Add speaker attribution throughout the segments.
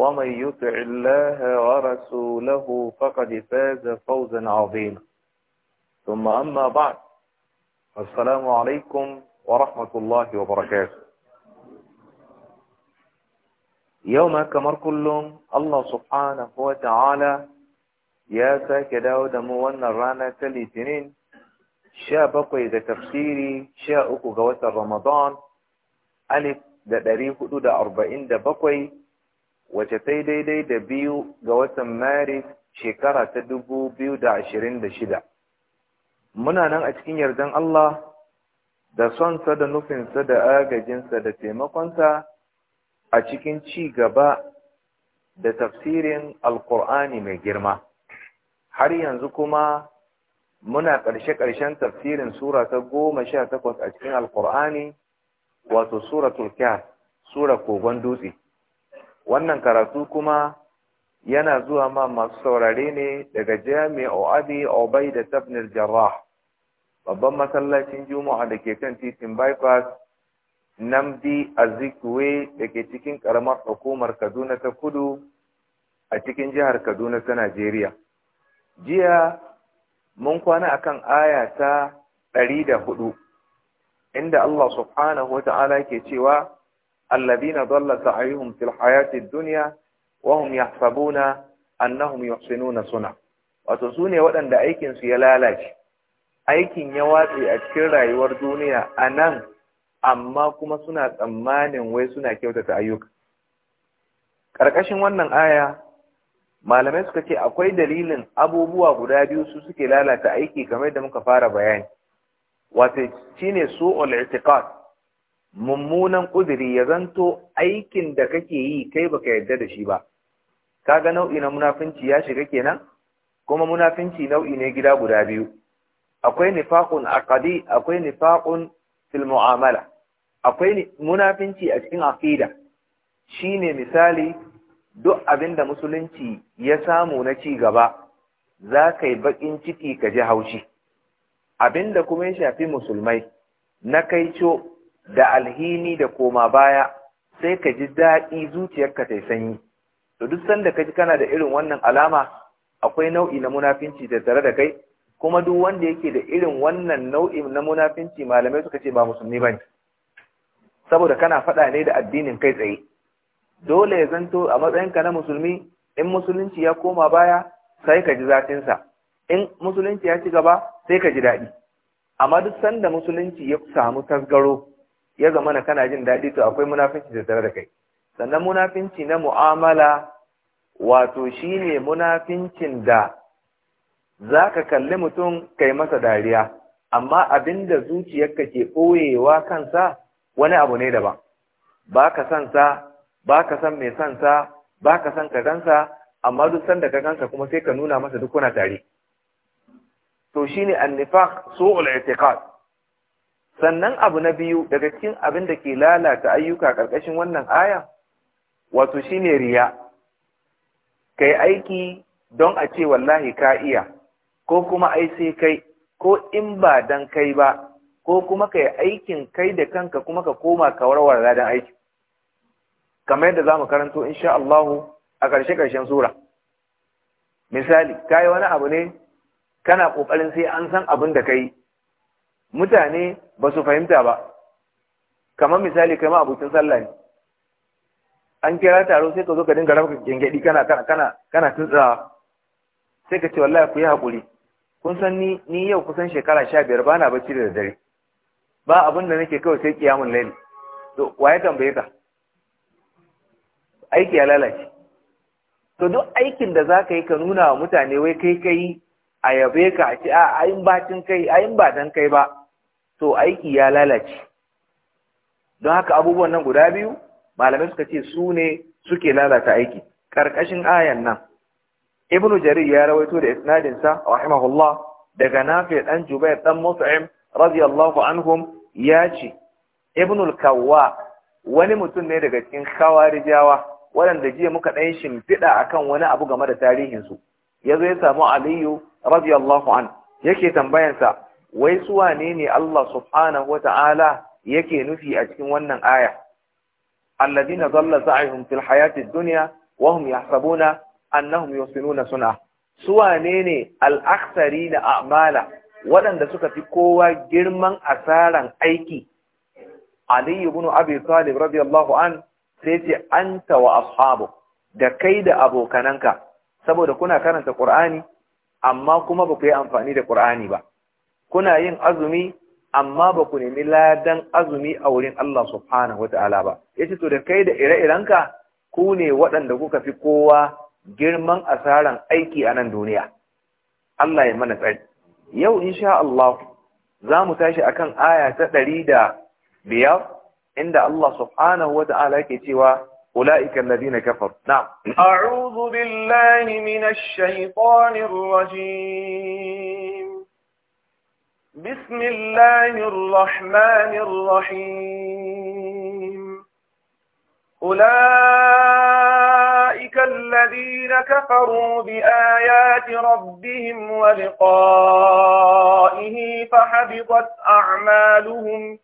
Speaker 1: ومن يطع الله ورسوله فقد فاز فوزا عظيما
Speaker 2: ثم أما بعد السلام
Speaker 1: عليكم
Speaker 2: ورحمة الله وبركاته يوم
Speaker 1: كمر كلهم الله سبحانه وتعالى يا ساك داود موانا رانا تلي تنين شا بقي ذا تفسيري شا ga watan Ramadan, alif da ɗari hudu da arba'in wace sai daidai
Speaker 2: da biyu ga watan maris shekara ta dubu biyu da ashirin da shida
Speaker 1: muna nan a cikin yardan Allah da sonsa da nufinsa da agajinsa da taimakonsa a cikin ci gaba da tafsirin alkur'ani mai girma har yanzu kuma muna ƙarshe-ƙarshen tafsirin sura ta goma sha takwas a cikin alkur'ani wato sura turkiya sura kogon dutse wannan karatu kuma yana zuwa ma masu saurare ne daga jami'a abi ubaida ibn al-jarrah babban masallacin juma'a da ke kan titin bypass
Speaker 2: namdi azikwe da ke cikin karamar hukumar kaduna ta kudu a
Speaker 1: cikin jihar kaduna
Speaker 2: ta najeriya
Speaker 1: jiya mun kwana akan aya ta ɗari da hudu, inda allah subhanahu wa ta'ala ke cewa alladhina dhalla sa'yuhum fil hayati ad-dunya wa hum yahsabuna annahum yuhsinuna suna wato sune waɗanda aikinsu ya lalace aikin ya watse a cikin rayuwar duniya anan amma kuma suna tsammanin wai suna kyautata ayyuka ƙarƙashin wannan aya malamai suka ce akwai dalilin abubuwa guda biyu su suke lalata aiki kamar da muka fara bayani wato shine su'ul i'tiqad mummunan ƙudiri ya zanto aikin da kake yi kai baka yarda da shi ba kaga nau'i na munafinci ya shiga kenan kuma munafinci nau'i ne gida guda biyu akwai nifaqun aqdi akwai nifaqun fil akwai munafinci a cikin aqida shine misali duk abinda musulunci ya samu na ci gaba za ka yi baƙin ciki ka ji haushi abinda kuma ya shafi musulmai na kaico da alhini da koma baya sai ka ji daɗi zuciyarka ta sanyi to duk sanda ka ji kana da irin wannan alama akwai nau'i na munafinci da tare da kai kuma duk wanda yake da irin wannan nau'i na munafinci malamai suka ce ba musulmi ne. saboda kana faɗa ne da addinin kai tsaye dole ya zanto a matsayinka na musulmi in musulunci ya koma baya sai ka ji zafinsa in musulunci ya ci gaba sai ka ji daɗi amma duk sanda musulunci ya samu tasgaro ya zama na kana jin daɗi to akwai munafinci da tare da kai sannan munafinci na mu'amala wato shi ne munafincin da za ka kalli mutum kai masa dariya amma abin da zuciyarka ke ɓoyewa kansa wani abu ne daban ba ka san sa ba ka san mai san sa ba ka san ka gansa amma duk sanda ka gansa kuma sai ka nuna masa duk kuna tare to shi ne annifaq su'ul i'tiqad sannan abu na biyu daga cikin abin da ke lalata ayyuka ƙarƙashin wannan aya wato shi ne riya kai aiki don a ce wallahi ka iya ko kuma ai sai kai ko in ba dan kai ba ko kuma kai aikin kai da kanka kuma ka koma ka warware ladan aiki kamar yadda zamu karanto insha Allah a ƙarshe ƙarshen sura misali kai wani abu ne kana ƙoƙarin sai an san abin da kai mutane ba su fahimta ba kamar misali kai ma abokin sallah ne an kira taro sai ka zo ka dinga rafa gengedi kana kana kana kana tuntsawa sai ka ce wallahi ku yi haƙuri kun san ni yau kusan shekara sha biyar ba bacci da dare ba abin da nake kawai sai kiyamun laili to wa tambaye ka aiki ya lalace to duk aikin da za ka yi ka nuna wa mutane wai kai kai a yabe ka a ce a ayin bacin kai ayin ba dan kai ba to aiki ya lalace don haka abubuwan nan guda biyu malamai suka ce su ne suke lalata aiki ƙarƙashin ayan nan ibnu jarir ya rawaito da isnadin sa rahimahullah daga nafi dan jubair dan mus'im radiyallahu anhum ya ce ibnul kawwa wani mutum ne daga cikin khawarijawa waɗanda jiya muka ɗan shimfiɗa akan wani abu game da tarihinsu ya zo ya samu aliyu radiyallahu an yake tambayansa wai su wane ne Allah subhanahu wata'ala yake nufi a cikin wannan aya alladhina a yi fil hayati ad-dunya wa hum yahsabuna annahum yusinuna suna su wane ne al a'mala waɗanda suka fi kowa girman asaran aiki aliyu ibn Abi Talib radiyallahu an sai ce anta wa ashabu da kai da abokananka saboda kuna karanta ƙur'ani, amma kuma ba ku yi amfani da ƙur'ani ba kuna yin azumi amma ba ku nemi ladan azumi a wurin Allah subhanahu wa ta'ala ba yace to da kai da ire-irenka ku ne waɗanda kuka fi kowa girman asaran aiki a nan duniya Allah ya mana tsari yau insha Allah za mu tashi a kan aya ta ɗari da biyar inda Allah subhanahu wa ta'ala ke cewa أولئك الذين كفروا نعم
Speaker 3: أعوذ بالله من الشيطان الرجيم بسم الله الرحمن الرحيم أولئك الذين كفروا بآيات ربهم ولقائه فحبطت أعمالهم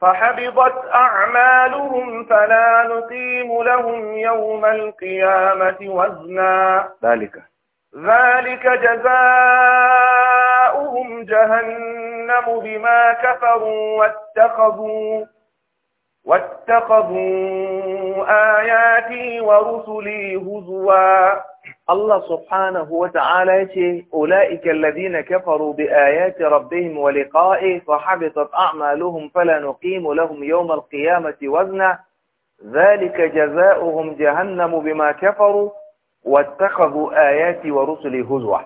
Speaker 3: فحبطت أعمالهم فلا نقيم لهم يوم القيامة وزنا ذلك ذلك جزاؤهم جهنم بما كفروا واتخذوا واتخذوا آياتي ورسلي
Speaker 1: هزوا الله سبحانه وتعالى يتي أولئك الذين كفروا بآيات ربهم ولقائه فحبطت أعمالهم فلا نقيم لهم يوم القيامة وزنا ذلك جزاؤهم جهنم بما كفروا wattakhadhu ayati wa rusuli huzwa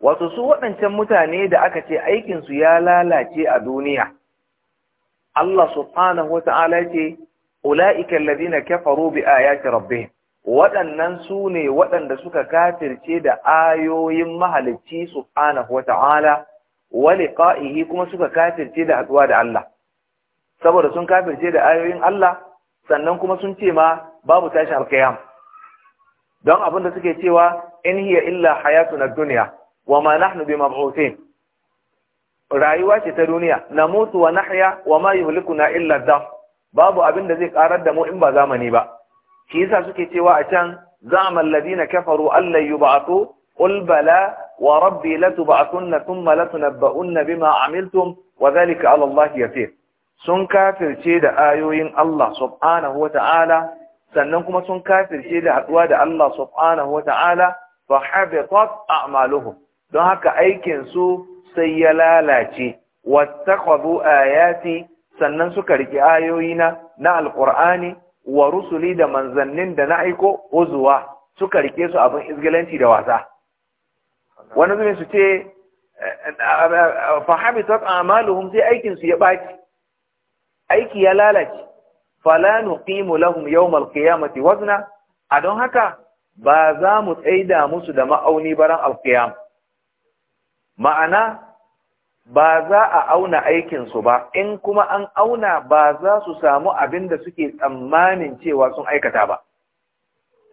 Speaker 1: wato su waɗancan mutane da aka ce aikin su ya lalace a duniya Allah subhanahu wata'ala ce ulaika alladhina kafaru bi ayati rabbihim waɗannan su ne waɗanda suka kafirce da ayoyin mahalicci subhanahu wata'ala wa liqa'ihi kuma suka kafirce da haɗuwa da Allah saboda sun kafirce da ayoyin Allah sannan kuma sun ce ma babu tashin alkiyama don abin da suke cewa in hiya illa hayatu na duniya wa ma nahnu bi mab'uthin rayuwa ce ta duniya namutu wa nahya wa ma yuhlikuna illa dam babu abin da zai karar da mu in ba zamani ba shi yasa suke cewa a can za'ama alladhina kafaru alla yub'athu qul bala wa rabbi latub'athunna thumma latunabba'unna bima amiltum wa dhalika 'ala allahi yasir sun kafirce da ayoyin Allah subhanahu wa ta'ala sannan kuma sun kafirce da haduwa da Allah subhanahu wata'ala fa habitat a'maluhum don haka aikin su sai ya lalace wattakhadhu ayati sannan suka riki ayoyina na alqur'ani wa rusuli da manzannin da na aiko uzwa, suka rike su abin izgilanci da wasa Wannan zuwa su ce fa habitat a'maluhum sai aikin su ya baci aiki ya lalace fala nuqimu lahum yawmal qiyamati wazna a don haka ba za mu tsaida musu da ma'auni baran alqiyam ma'ana ba za a auna aikin su ba in kuma an auna ba za su samu abin da suke tsammanin cewa sun aikata ba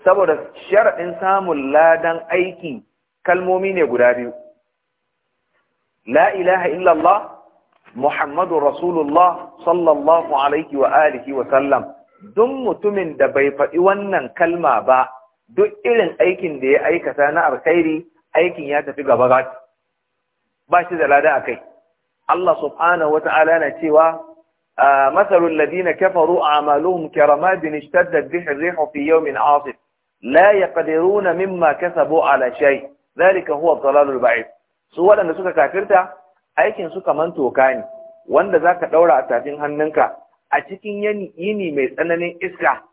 Speaker 1: saboda sharaɗin samun ladan aiki kalmomi ne guda biyu la ilaha illallah Muhammadu Rasulullah sallallahu alaihi wa alihi wa sallam duk mutumin da bai faɗi wannan kalma ba duk irin aikin da ya aikata na alkhairi aikin ya tafi gaba gati ba shi da lada kai. Allah subhanahu wata'ala na cewa masalul ladina kafaru a'maluhum karamadin ishtaddat bihi ar-rihu fi yawmin 'asif la yaqdiruna mimma kasabu ala shay dhalika huwa ad-dalalul ba'id su waɗanda suka kafirta aikin su kaman toka ne wanda zaka daura a tafin hannunka a cikin yini mai tsananin iska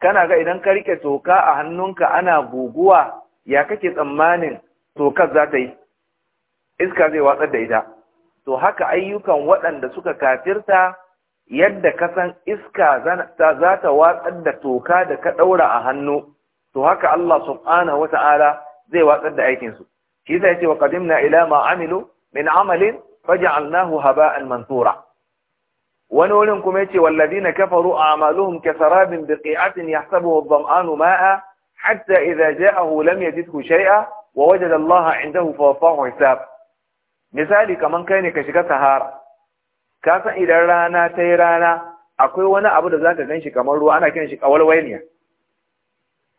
Speaker 1: kana ga idan ka rike toka a hannunka ana guguwa ya kake tsammanin tokar za ta yi iska zai watsar da ita to haka ayyukan waɗanda suka kafirta yadda ka san iska za ta watsar da toka da ka ɗaura a hannu to haka Allah subhanahu wata'ala zai watsar da aikinsu shi zai ce wa qadimna ila ma amilu min amalin faja'alnahu haba'an mansura wani wurin kuma yace walladina kafaru a'maluhum kasarabin biqi'atin yahsabuhu adh-dham'anu ma'a hatta idha ja'ahu lam yajidhu shay'a wa wajada Allah 'indahu fawaffahu hisab misali kaman kai ne ka shiga sahara ka san idan rana ta yi rana akwai wani abu da zaka ganshi kamar ruwa ana kiran shi kawalwainiya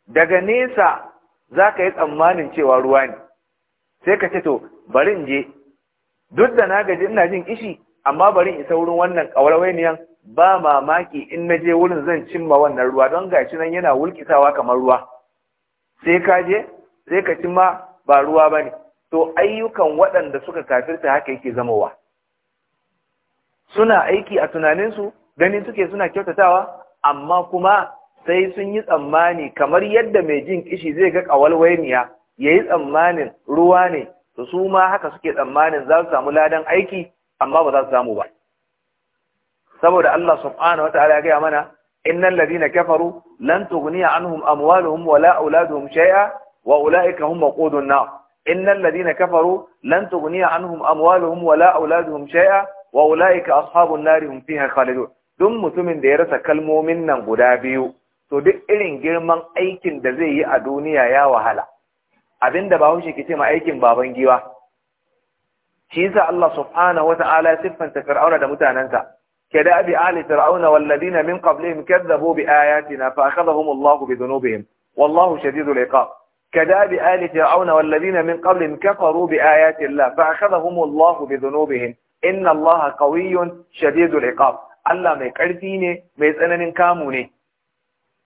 Speaker 1: daga nesa zaka yi tsammanin cewa ruwa ne sai ka ce to bari in je duk da na gaji ina jin kishi amma bari in isa wurin wannan ƙawarwainiyan ba mamaki in na je wurin zan cimma wannan ruwa don gashi nan yana wulkisawa kamar ruwa sai ka je sai ka cimma ba ruwa ba ne to ayyukan waɗanda suka kafirta haka yake zamowa suna aiki a tunaninsu ganin suke suna kyautatawa amma kuma sai sun yi tsammani kamar yadda mai jin kishi zai ga ƙawalwainiya ya yi tsammanin ruwa ne to su ma haka suke tsammanin za su samu ladan aiki amma ba za su samu ba saboda Allah subhanahu wataala ya gaya mana innal ladina kafaru lan tughniya anhum amwaluhum wala auladuhum shay'a wa ulaika hum waqudun nar innal ladina kafaru lan tughniya anhum amwaluhum wala auladuhum shay'a wa ulaika ashabun nar hum fiha khalidun duk mutumin da ya rasa kalmomin nan guda biyu to duk irin girman aikin da zai yi a duniya ya wahala abinda bahaushe ke ce ma aikin baban giwa shi yasa Allah subhanahu wata'ala ya siffanta fir'auna da mutanansa kada abi ali fir'auna wal ladina min qablihim kadzabu bi ayatina fa akhadhahum Allah bi dhunubihim wallahu shadidul iqab كداب آل فرعون والذين من قبلهم كفروا بآيات الله فأخذهم الله بذنوبهم إن الله قوي شديد العقاب Allah mai ƙarfi ne mai tsananin kamu ne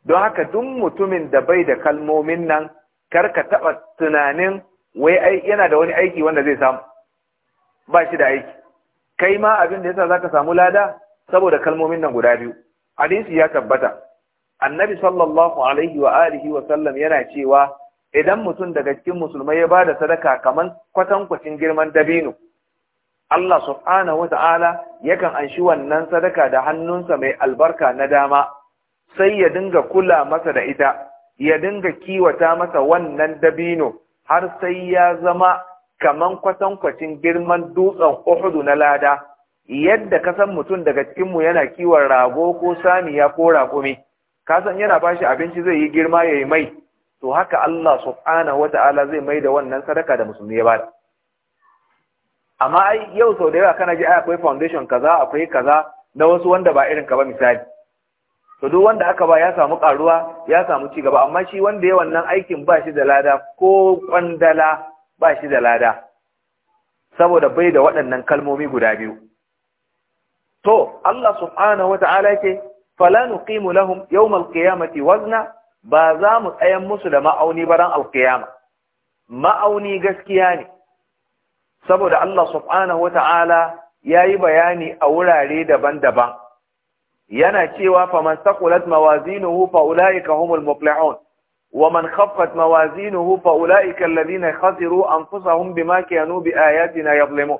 Speaker 1: don haka duk mutumin da bai da kalmomin nan kar ka taɓa tunanin wai yana da wani aiki wanda zai samu ba shi da aiki kai ma abin da yasa zaka samu lada saboda kalmomin nan guda biyu hadisi ya tabbata annabi sallallahu alaihi wa alihi wa sallam yana cewa idan mutum daga cikin musulmai ya bada sadaka kaman kwatankwacin girman dabino Allah subhanahu wata'ala yakan anshi wannan sadaka da hannunsa mai albarka na dama sai ya dinga kula masa da ita ya dinga kiwata masa wannan dabino har sai ya zama kaman kwatankwacin girman dutsen Uhudu na lada yadda ka san mutum daga cikin mu yana kiwon rago ko saniya ko raƙumi ka san yana bashi abinci zai yi girma yayi mai to haka Allah subhanahu wata'ala zai mai da wannan sadaka da musulmi ya bada amma ai yau sau da yawa kana ji ai akwai foundation kaza akwai kaza na wasu wanda ba irin ka ba misali to duk wanda aka ba ya samu karuwa ya samu ci gaba amma shi wanda ya wannan aikin ba shi da lada ko kwandala ba shi da lada saboda bai da waɗannan kalmomi guda biyu to Allah subhanahu wata'ala yake fala nuqimu lahum yawm alqiyamati wazna ba za mu tsayan musu da ma'auni ba ran alqiyama ma'auni gaskiya ne saboda Allah subhanahu wata'ala yayi bayani a wurare daban-daban yana cewa fa man saqulat mawazinuhu fa ulaika humul muflihun wa man khaffat mawazinuhu fa ulaika alladhina khasiru anfusahum bima kanu biayatina yadhlimun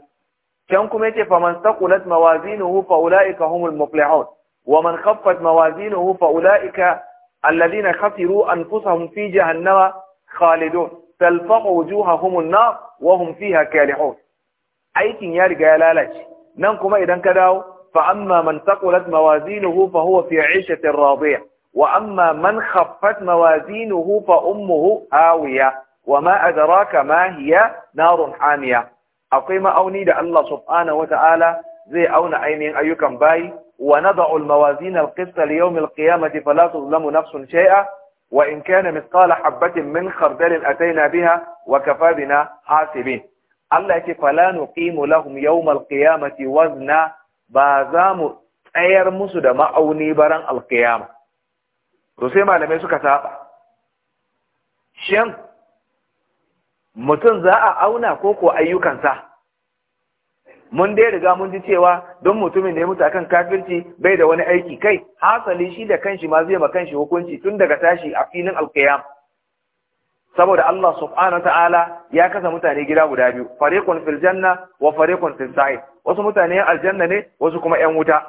Speaker 1: kan kuma yace fa man saqulat mawazinuhu fa ulaika humul muflihun wa man khaffat mawazinuhu fa ulaika alladhina khasiru anfusahum fi jahannama khalidun talfaqu wujuhahum an-nar wa hum fiha kalihun aikin ya riga ya lalace nan kuma idan ka dawo فأما من ثقلت موازينه فهو في عيشة راضية وأما من خفت موازينه فأمه آوية وما أدراك ما هي نار حامية أقيم أوني دا الله سبحانه وتعالى زي أون أيمين أيكم باي ونضع الموازين القسط ليوم القيامة فلا تظلم نفس شيئا وإن كان مثقال حبة من خردل أتينا بها وكفى بنا حاسبين الله فلا نقيم لهم يوم القيامة وزنا ba za mu tsayar musu da ma'auni baran alkiyama to sai malamai suka saba shin mutum za a auna ko ko ayyukansa mun dai riga mun ji cewa don mutumin ne mutu akan kafirci bai da wani aiki kai hasali shi da kanshi ma zai ma kanshi hukunci tun daga tashi a filin alkiyama saboda Allah subhanahu ya kasa mutane gida guda biyu fariqun fil janna wa fariqun fil sa'ir wasu mutane yan aljanna ne wasu kuma yan wuta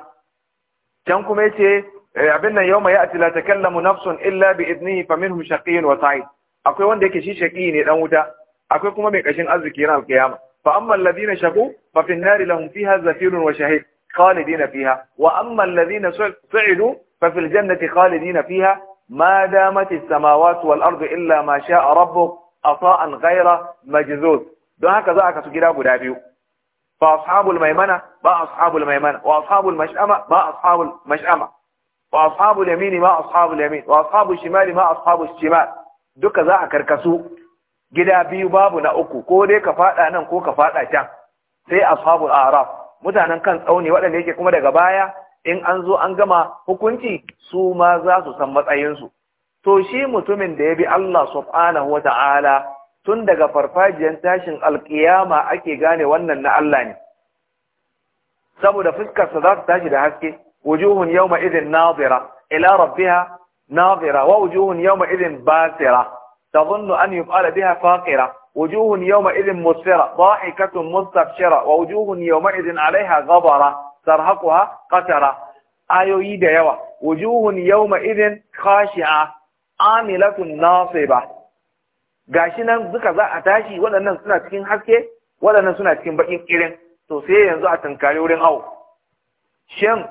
Speaker 1: can kuma yace eh, abin nan yawma ya'ti la takallamu nafsun illa bi idnihi faminhum shaqiyyun wa sa'id akwai wanda yake shi shaqi ne dan wuta akwai kuma mai kashin arziki ran kiyama fa amma alladhina shaqu fa fin nari lahum fiha zafirun wa shahid khalidina fiha wa amma alladhina su'idu fa fil jannati khalidina fiha ma damati samawati wal ardu illa ma sha'a rabbuk ata'an ghayra majzuz don haka za a kasu gida guda biyu fa ashabul maimana ba ashabul maimana wa ashabul mash'ama ba ashabul mash'ama wa ashabul yamini ma ashabul yamin wa ashabul shimali ma ashabul shimal duka za a karkasu gida biyu babu na uku ko dai ka fada nan ko ka fada can sai ashabul a'raf mutanen kan tsauni waɗanda yake kuma daga baya in an zo an gama hukunci su ma za su san matsayinsu to shi mutumin da ya bi Allah subhanahu wata'ala tun daga farfajiyar tashin alkiyama ake gane wannan na Allah ne saboda fuskarsa za su tashi da haske wujuhun yawma ma'izin nazira ila rabbiha nazira wa wujuhun yawma ma'izin basira zunnu an yuf'ala biha faqira wujuhun yawma idin musfira dhahikatun mustabshira wa wujuhun yawma ma'izin alaiha Gabara. sarhaquha qatara ayoyi da yawa wujuhun yawma idin khashi'a amilatun nasiba gashi nan duka za a tashi waɗannan suna cikin haske waɗannan suna cikin bakin irin to sai yanzu a tunkari wurin awo shin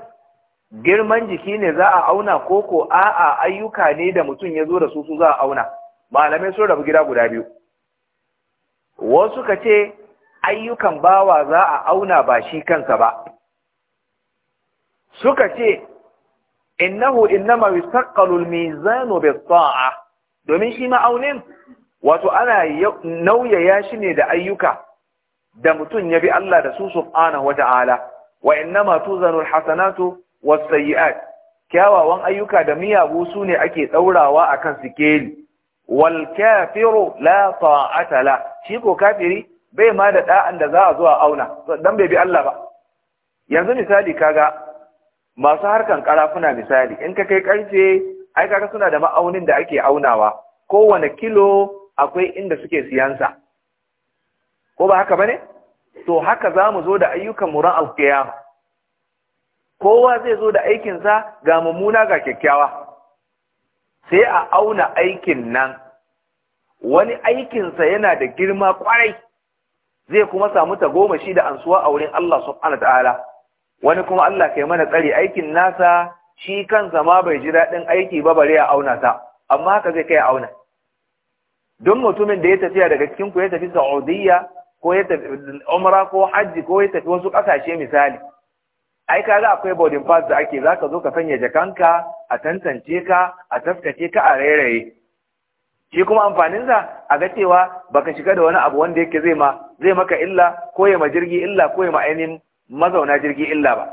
Speaker 1: girman jiki ne za a auna ko ko a'a ayyuka ne da mutum ya zo da su su za a auna malamai sun rabu gida guda biyu wasu ka ce ayyukan bawa za a auna ba shi kansa ba suka ce innahu innama yusaqqalu mizanu domin shi ma'aunin wato ana nauyaya shi ne da ayyuka da mutum ya bi Allah da su subhanahu wa ta'ala wa innama tuzanu al-hasanatu was-sayyi'at kyawawan ayyuka da miyagu su ne ake daurawa akan sikeli wal kafiru la ta'ata la shi ko kafiri bai ma da da'an da za a zo a auna dan bai bi Allah ba yanzu misali kaga masu harkan karafuna misali in ka kai karfe ai kaga suna da ma'aunin da ake aunawa kowane kilo akwai inda suke siyansa ko ba haka bane to haka za mu zo da ayyukan muran alkiyama kowa zai zo da aikinsa ga mummuna ga kyakkyawa sai a auna aikin nan wani aikinsa yana da girma kwarai zai kuma samu ta goma shi da ansuwa a wurin Allah subhanahu ta'ala wani kuma Allah kai mana tsari aikin nasa shi kan zama bai ji daɗin aiki ba bare ya auna ta amma haka zai kai auna don mutumin da ya tafiya daga cikin ku ya tafi Saudiya ko ya tafi Umra ko Hajji ko ya tafi wasu ƙasashe misali ai kaga akwai boarding pass da ake zaka zo ka sanya jakanka a tantance ka a tafkace ka a rairaye shi kuma amfanin sa a ga cewa baka shiga da wani abu wanda yake zai ma zai maka illa ko ya ma jirgi illa ko ya ma ainihin mazauna jirgi illa ba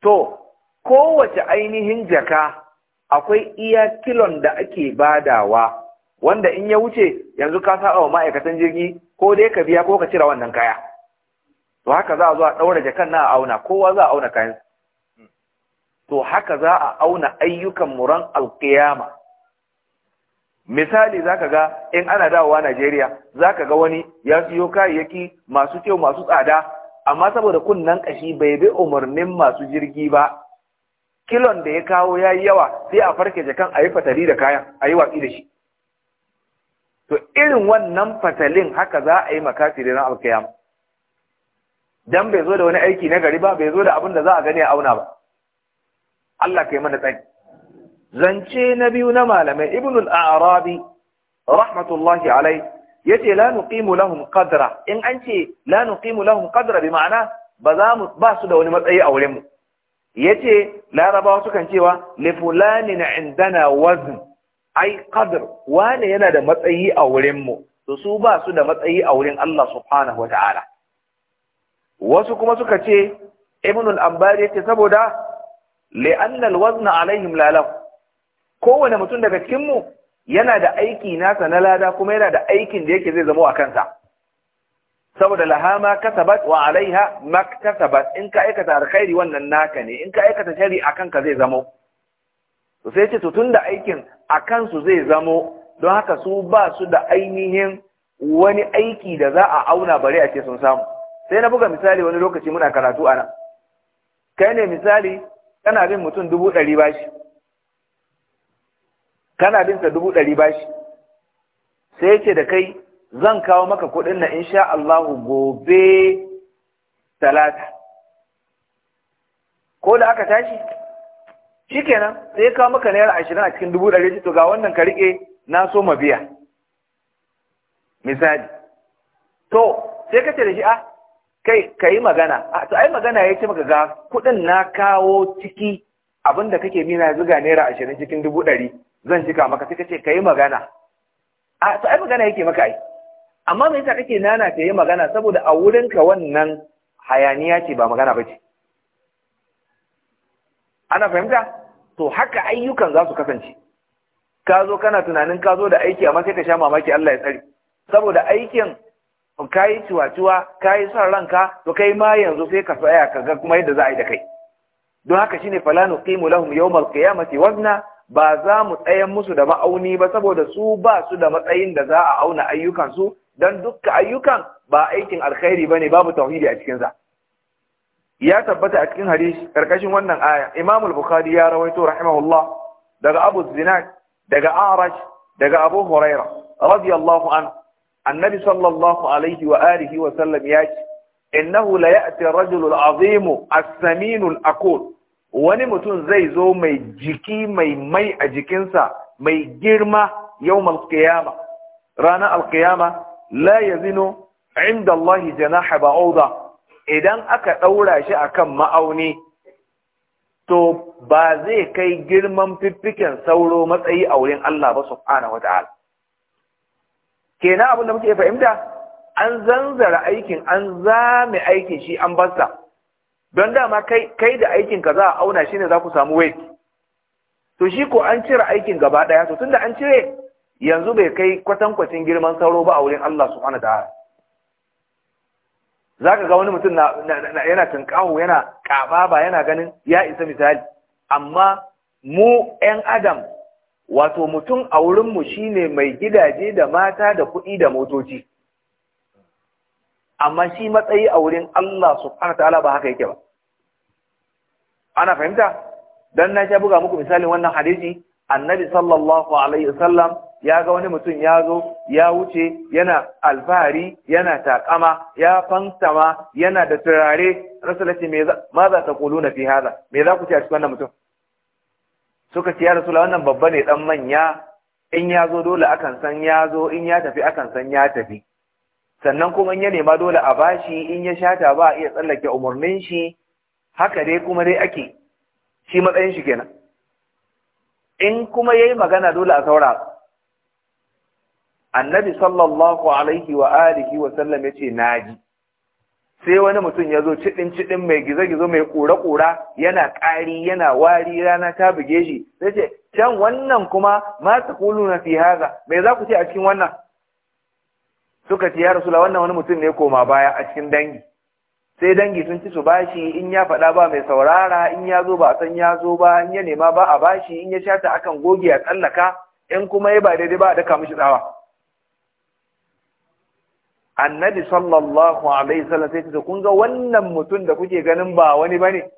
Speaker 1: to kowace ainihin jaka akwai iya kilon da ake badawa wanda in ya wuce yanzu ka saba wa ma'aikatan jirgi ko dai ka biya ko ka cira wannan kaya to haka za a zo a ɗaura jakan na a auna kowa za a auna kayan to haka za a auna ayyukan muran alƙiyama misali zaka ga in ana dawowa Najeriya zaka ga wani ya siyo kayayyaki masu kyau masu tsada amma saboda kunnen kashi bai bi umarnin masu jirgi ba kilon da ya kawo ya yi yawa sai a farke jakan a yi fatali da kayan a yi watsi da shi to irin wannan fatalin haka za a yi da na alkiyama dan bai zo da wani aiki na gari ba bai zo da abin da za a gani a auna ba Allah kai mana tsaki. zance na biyu na malamai ibnul arabi rahmatullahi alai yace la nuqimu in an ce la nuqimu lahum qadra bi ma'ana ba za mu ba su da wani matsayi a wurin mu yace larabawa sukan cewa "Lefulani na indana wazn ai qadr wane yana da matsayi a wurin mu to su ba su da matsayi a wurin Allah subhanahu wata'ala wasu kuma suka ce ibnul ambari yace saboda li'annal alwazn alaihim lalahu kowane mutum daga cikin mu yana da aiki nasa na lada kuma yana da aikin da yake zai zama a kansa saboda Lahama, kasabat wa alaiha Mak kasabat in ka aikata alkhairi wannan naka ne in ka aikata shari a kanka zai zamo to sai ce to tunda aikin a kansu zai zamo don haka su ba su da ainihin wani aiki da za a auna bare a ce sun samu sai na buga misali wani lokaci muna karatu a nan kai ne misali kana bin mutum dubu ɗari bashi kana binta dubu ɗari bashi sai ce da kai zan kawo maka kuɗin na insha Allahu gobe talata ko da aka tashi shikenan sai ya kawo maka naira ashirin a cikin dubu ɗari to ga wannan ka riƙe na so ma biya misali to sai ka ce da shi a, ah, kai ka yi magana a to ai magana ya ce maka ga kuɗin na kawo ciki abinda kake mina zuga naira ashirin cikin dubu ɗari zan cika maka sai kace kai magana a to magana yake maka ai amma me yasa kake nana ta yi magana saboda a wurin ka wannan hayaniya ce ba magana bace ana fahimta to haka ayyukan za su kasance ka zo kana tunanin ka zo da aiki amma sai ka sha mamaki Allah ya tsare saboda aikin ka yi ciwaciwa ka yi son ranka to kai ma yanzu sai ka tsaya ka ga kuma yadda za a yi da kai don haka shine falanu qimu lahum yawmal qiyamati wazna ba za mu tsayan musu da ma'auni ba saboda su ba su da matsayin da za a auna ayyukansu don dukkan ayyukan ba aikin alkhairi ba ne babu tauhidi a cikinsa ya tabbata a cikin hadisi karkashin wannan aya imam al-bukhari ya rawaito rahimahullah daga abu zinat daga arash daga abu huraira radiyallahu an annabi sallallahu alaihi wa alihi wa sallam ya ce innahu la ya'ti ar-rajulu al-azim as-samin al-aqul wani mutum zai zo mai jiki mai mai a jikinsa mai girma yau malkiyama ranar alkiyama la ya zino inda Allah idan aka ɗaura shi akan ma'auni to ba zai kai girman fiffiken sauro matsayi a wurin Allah ba subhanahu wata'ala kenan abin da muke fahimta an zanzara aikin an zame aikin shi an basta don dama kai kai da aikin ka za a auna shi ne za ku samu wait. to shi ko an cire aikin gaba daya to tunda an cire yanzu bai kai kwatankwacin girman sauro ba a wurin Allah subhanahu ta'ala zaka ga wani mutum na, yana tunkawo yana kaba ba yana ganin ya isa misali amma mu 'yan adam wato mutum a wurinmu shine mai gidaje da mata da kuɗi da motoci amma shi matsayi a wurin Allah subhanahu ta'ala ba haka yake ba ana fahimta dan na sha buga muku misalin wannan hadisi annabi sallallahu alaihi wasallam ya ga wani mutum ya zo ya wuce yana alfahari yana takama ya fantama, yana da turare rasulaci me ma za ta ƙulu na fi haza me za ku ce a cikin wannan mutum suka ce ya rasula wannan babba ne dan manya in ya zo dole akan san ya zo in ya tafi akan san ya tafi sannan kuma ya nema dole a bashi in ya shata ba a iya tsallake umarnin shi haka dai kuma dai ake shi matsayin shi kenan in kuma yayi magana dole a saura annabi sallallahu alaihi wa alihi wa sallam yace naji sai wani mutum ya zo cidin cidin mai gizo-gizo mai kura-kura yana ƙari yana wari rana ta buge shi sai ce can wannan kuma ma taquluna fi haza me za ku ce a cikin wannan suka ce ya rasula wannan wani mutum ne koma baya a cikin dangi sai dangi sun ci su bashi in ya faɗa ba mai saurara in ya zo ba a san ya zo ba in ya nema ba a bashi in ya shata akan goge a tsallaka in kuma ya ba daidai ba a daka mishi tsawa annabi sallallahu alaihi wasallam sai ce kun ga wannan mutum da kuke ganin ba wani bane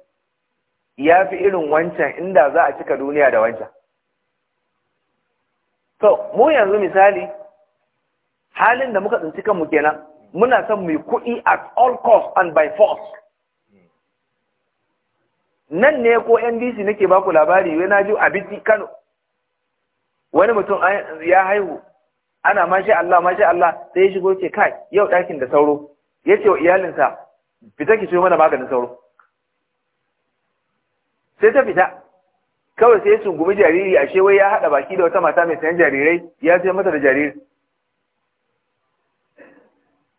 Speaker 1: ya fi irin wancan inda za a cika duniya da wancan to mu yanzu misali halin da muka tsinci kanmu kenan muna son mai kuɗi at all cost and by force nan ne ko ndc nake baku labari wai na ji abiti kano wani mutum ya haihu ana mashi Allah mashi Allah sai ya shigo ce kai yau ɗakin da sauro ya ce wa iyalinsa fita ki siyo mana maganin sauro sai ta fita kawai sai ya sungumi jariri ashe wai ya haɗa baki da wata mata mai sayan jarirai ya sayo mata da jariri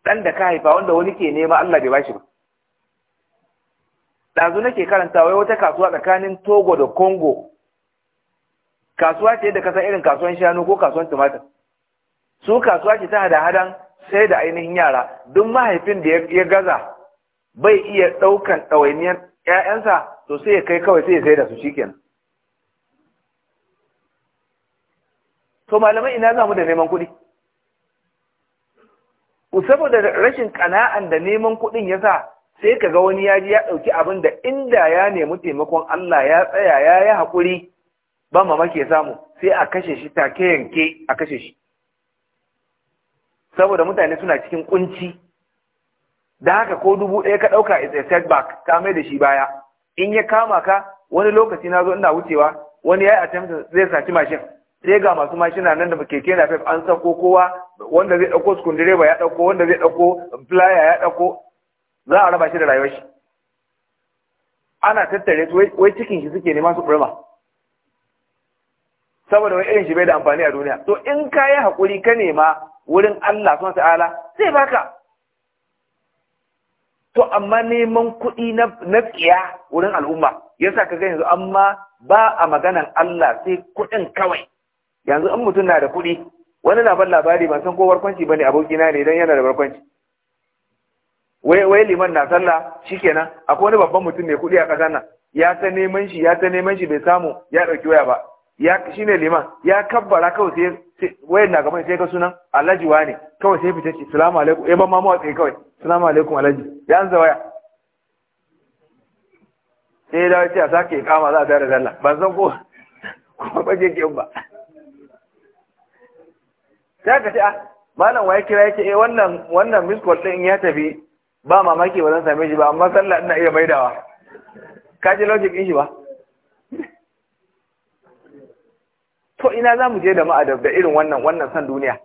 Speaker 1: ɗan da ka haifa wanda wani ke nema Allah bai bashi ba ɗazu nake karanta wai wata kasuwa tsakanin togo da congo kasuwa ce da kasan irin kasuwan shanu ko kasuwan tumatir su kasuwa ce ta hada-hadan sai da ainihin yara duk mahaifin da ya gaza bai iya ɗaukan ɗawainiyar ‘ya'yansa to sai ya kai kawai sai ya sai da su shikenan to malamai ina zamu da neman kuɗi Ku saboda rashin kana'an da neman kuɗin ya sa sai ka ga wani ya ji ya ɗauki abin da inda ya nemi taimakon Allah ya tsaya ya yi haƙuri ba mamaki samu sai a kashe shi take yanke a kashe shi saboda mutane suna cikin ƙunci, da haka ko dubu ɗaya ka ɗauka a setback ka mai da shi baya in ya kama ka wani lokaci na zo ina wucewa wani ya yi attempt zai saci mashin sai ga masu mashina nan da keke na fef an sako kowa wanda zai ɗauko sukun direba ya ɗauko wanda zai ɗauko flyer ya ɗauko za a raba shi da rayuwar shi ana tattare su wai cikin shi suke nema su burma saboda wai irin shi bai da amfani a duniya to in ka yi haƙuri ka nema wurin Allah sun ta'ala zai baka to amma neman kuɗi na tsiya wurin al'umma yasa ka ga yanzu amma ba a maganan Allah sai kuɗin kawai yanzu in mutum na da kuɗi wani na ban labari ban san ko barkwanci bane abokina ne idan yana da barkwanci wai wai liman na sallah shikenan akwai wani babban mutum mai kuɗi a ƙasar nan ya ta neman shi ya ta neman shi bai samu ya ɗauki waya ba ya shine liman ya kabbara kawai sai wayar na gaban sai ka sunan alhaji ne kawai sai fita ce salamu alaikum eh ban ma tsaye kawai salamu alaikum alhaji ya an waya sai da ce a sake kama za a tare da Allah ban san ko ko ba ke ba sai ka ce ah malam waye kira yake eh wannan wannan miss din ya tafi ba mamaki ba zan same shi ba amma sallah ina iya maidawa ka ji logic din shi ba to ina za mu je da ma'adab da irin wannan wannan san duniya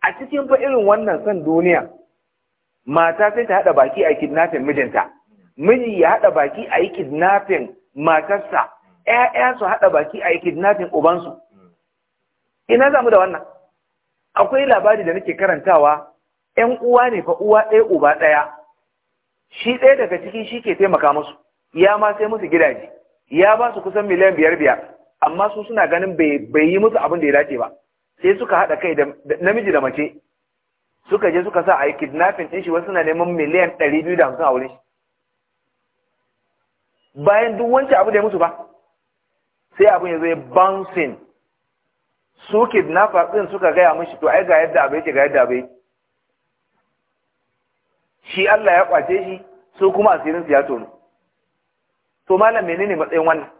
Speaker 1: a cikin fa irin wannan san duniya mata sai ta haɗa baki a kidnafin mijinta miji ya haɗa baki a yi matarsa ‘ya'ya su haɗa baki a yi kidnafin ubansu ina zamu da wannan akwai labari da nake karantawa ‘yan uwa ne fa uwa ɗaya uba ɗaya shi ɗaya daga ciki shi ke taimaka musu ya ma sai musu gidaje ya ba su kusan miliyan biyar biyar amma su suna ganin bai yi musu abin da ya dace ba sai suka haɗa kai da namiji da mace suka je suka sa a yi kidnapping ɗin shi wasu suna neman miliyan ɗari biyu da hamsin a wurin shi bayan duk wancan abu da ya musu ba sai abin ya zo ya bouncing su kidnapper din suka gaya mishi to ai ga yadda abai ce ga yadda abai shi Allah ya kwace shi su kuma asirin su ya tono to malam menene matsayin wannan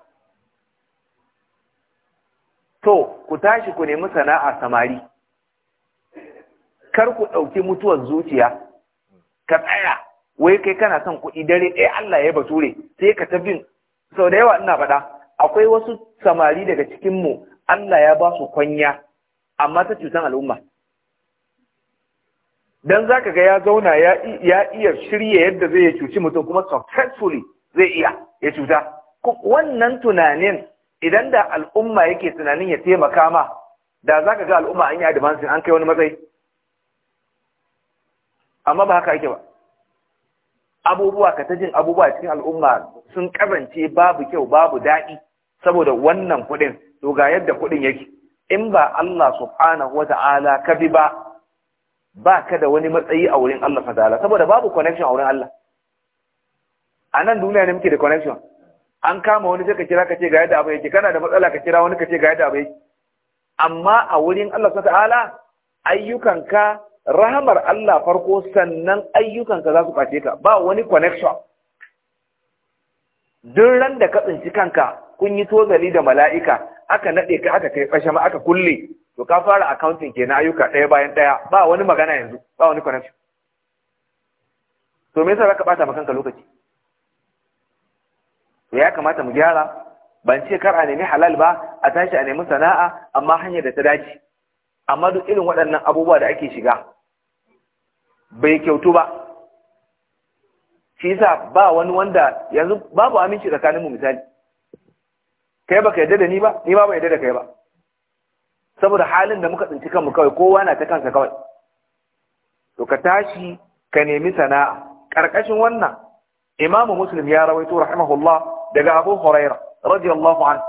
Speaker 1: to ku tashi ku nemi sana'a samari kar ku ɗauki mutuwar zuciya ka tsaya wai kai kana son kuɗi dare ɗaya Allah ya bature sai ka ta bin sau da yawa ina faɗa akwai wasu samari daga cikinmu Allah ya ba su kwanya amma ta cutan al'umma dan ka ga ya zauna ya iya shirya yadda zai cuci mutum kuma successfully zai iya ya cuta wannan tunanin idan da al'umma yake tunanin ya taimaka ma da za ka ga al'umma an yi advancing an kai wani matsayi amma ba haka yake ba abubuwa ka ta jin abubuwa cikin al'umma sun kazance babu kyau babu daɗi saboda wannan kuɗin to ga yadda kuɗin yake in ba Allah subhanahu wata'ala ka bi ba ba ka da wani matsayi a wurin Allah fadala saboda babu connection a wurin Allah a nan duniya ne muke da connection an kama wani sai ka kira ka ce ga yadda abu yake kana da matsala ka kira wani ka ce ga yadda abu yake amma a wurin Allah ta'ala ayyukanka rahamar Allah farko sannan ayyukanka za su kwace ka ba wani connection duk ran da ka tsinci kanka kun yi tozali da mala'ika aka nade ka aka kai fashe ma aka kulle to ka fara accounting kenan ayyuka ɗaya bayan ɗaya ba wani magana yanzu ba wani connection to me yasa zaka bata kanka lokaci to ya kamata mu gyara ban ce kar a nemi halal ba a tashi a nemi sana'a amma hanyar da ta dace amma duk irin waɗannan abubuwa da ake shiga bai kyautu ba shi yasa ba wani wanda yanzu babu aminci tsakanin mu misali kai baka yadda da ni ba ni ma ba yadda da kai ba saboda halin da muka tsinci kanmu kawai kowa na ta kansa kawai to ka tashi ka nemi sana'a karkashin wannan imamu muslim ya rawaito rahimahullah daga abu huraira radiyallahu an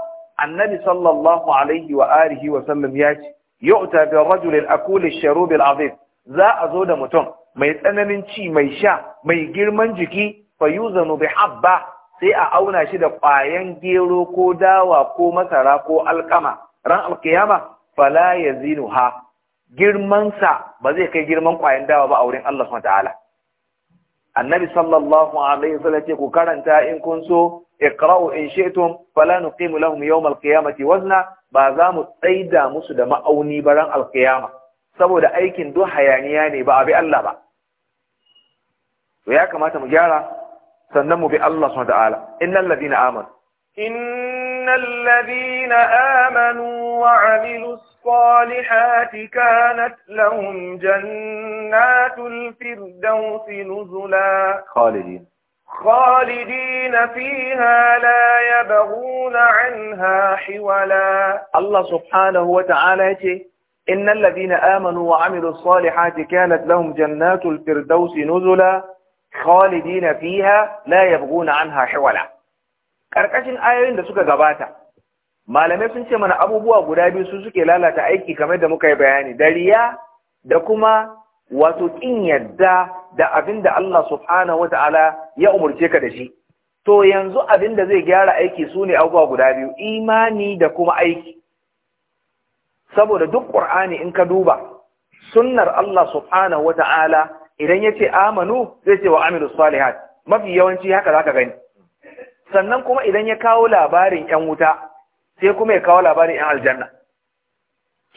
Speaker 1: annabi sallallahu alaihi wa alihi wa sallam ya ce yu'ta bi rajul al-akul ash-sharub al-azim za a zo da mutum mai tsananin ci mai sha mai girman jiki fa yuzanu bi habba sai a auna shi da ƙwayan gero ko dawa ko masara ko alkama ran alkiyama fala zinu ha girmansa ba zai kai girman ƙwayan dawa ba a wurin Allah SWT. annabi sallallahu alaihi wasallam ce ku karanta in kun so iqra'u in shi'tum fala nuqimu lahum yawm alqiyamati wazna ba za mu tsaida musu da ma'auni ba ran saboda aikin duk hayaniya ne ba abi Allah ba to ya kamata mu gyara sannan mu bi Allah subhanahu wataala innal ladina amanu
Speaker 3: innal ladina amanu wa amilus salihati kanat lahum jannatul firdausi nuzula khalidin خالدين فيها لا يبغون عنها حولا
Speaker 1: الله سبحانه وتعالى يتي إن الذين آمنوا وعملوا الصالحات كانت لهم جنات الفردوس نزلا khalidina fiha la yabghuna anha hiwala Ƙarƙashin ayoyin da suka gabata malamai sun ce mana abubuwa guda biyu su suke lalata aiki kamar da muka yi bayani dariya da kuma wato kin yadda da abin da Allah subhanahu wata'ala ya umurce ka da shi to yanzu abin da zai gyara aiki su ne abubuwa guda biyu imani da kuma aiki saboda duk ƙur'ani in ka duba sunnar Allah subhanahu wata'ala idan ya ce amanu zai ce wa Aminu salihat mafi yawanci haka za ka gani sannan kuma idan ya kawo labarin ‘yan wuta sai kuma ya kawo labarin ‘yan aljanna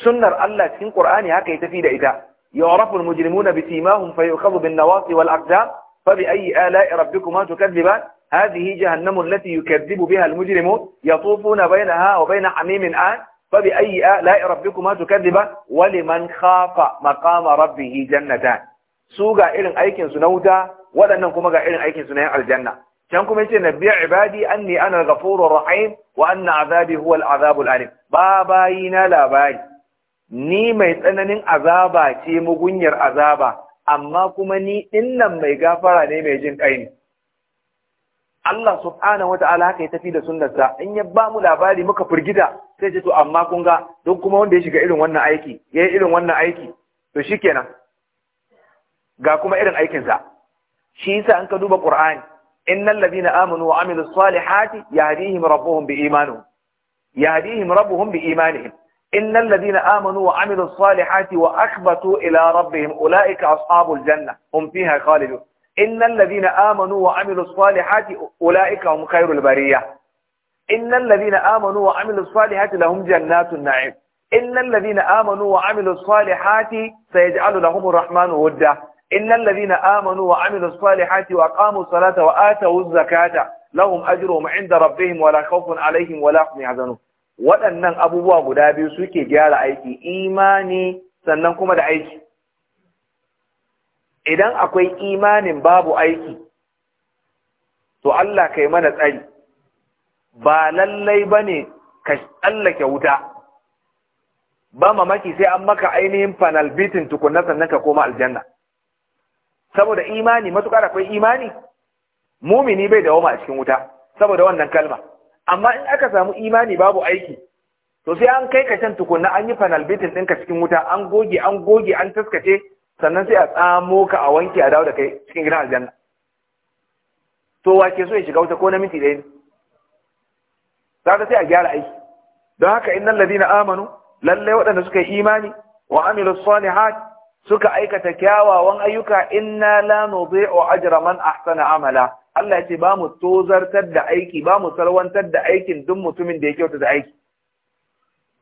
Speaker 1: sunar Allah cikin ƙur'ani haka ya tafi da ita yawon rafin mujirmu na biti mahun fahimu kazu bin nawasi wal aqdam fabi ayi ala'i rabbi kuma su kazi ba hazi hi jahannamun lati yi kazi bu biha almujirmu ya tofu na bai na ha bai na amimin an fabi ayi ala'i rabbi kuma su kazi ba wali man khafa maqama rabbi hi jannatan su ga irin aikin su na wuta waɗannan kuma ga irin aikin su na yin aljanna can kuma yace biya ibadi anni ana al-ghafurur rahim wa anna azabi huwa al-azabul alim ba bayi na labari ni mai tsananin azaba ce mugunyar azaba amma kuma ni dinnan mai gafara ne mai jin kai Allah subhanahu wata'ala haka ya tafi da sunnarsa in ya ba mu labari muka firgita sai ce to amma kun ga don kuma wanda ya shiga irin wannan aiki ya yi irin wannan aiki to shikenan ga kuma irin aikinsa shi yasa an ka duba qur'ani innal ladina amanu wa amilus salihati yahdihim rabbuhum biimanihim yahdihim rabbuhum biimanihim innal ladina amanu wa amilus salihati wa akhbatu ila rabbihim ulaika ashabul janna hum fiha khalidun innal ladina amanu wa amilus salihati ulaika hum khairul bariyah innal ladina amanu wa amilus salihati lahum jannatun na'im innal ladina amanu wa amilus salihati sayaj'alu lahumur rahmanu wudda innal ladina amanu wa amilus salihati wa aqamus salata wa atawuz zakata lahum ajruhum inda rabbihim wala khawfun alaihim waɗannan abubuwa guda biyu suke gyara aiki imani sannan kuma da aiki idan akwai imanin babu aiki to Allah kai mana tsari ba lallai bane ka tsallake wuta ba mamaki sai an maka ainihin fanalbitin tukunna sannan ka koma aljanna saboda imani matukar akwai imani mumini bai dawoma a cikin wuta saboda wannan kalma amma in aka samu imani babu aiki to sai an kai ka can tukunna an yi panel beating ɗinka cikin wuta an goge an goge an taskace sannan sai a tsamo ka a wanke a dawo da kai cikin gidan aljanna to wake so ya shiga wuta ko na minti ɗaya ne zaka sai a gyara aiki don haka innal ladina amanu lallai waɗanda suka yi imani wa amilu salihat suka aikata kyawawan ayyuka inna la nudhi'u ajra man ahsana amala Allah yace ba mu tozartar da aiki ba mu salwantar da aikin duk mutumin da ya kyauta da aiki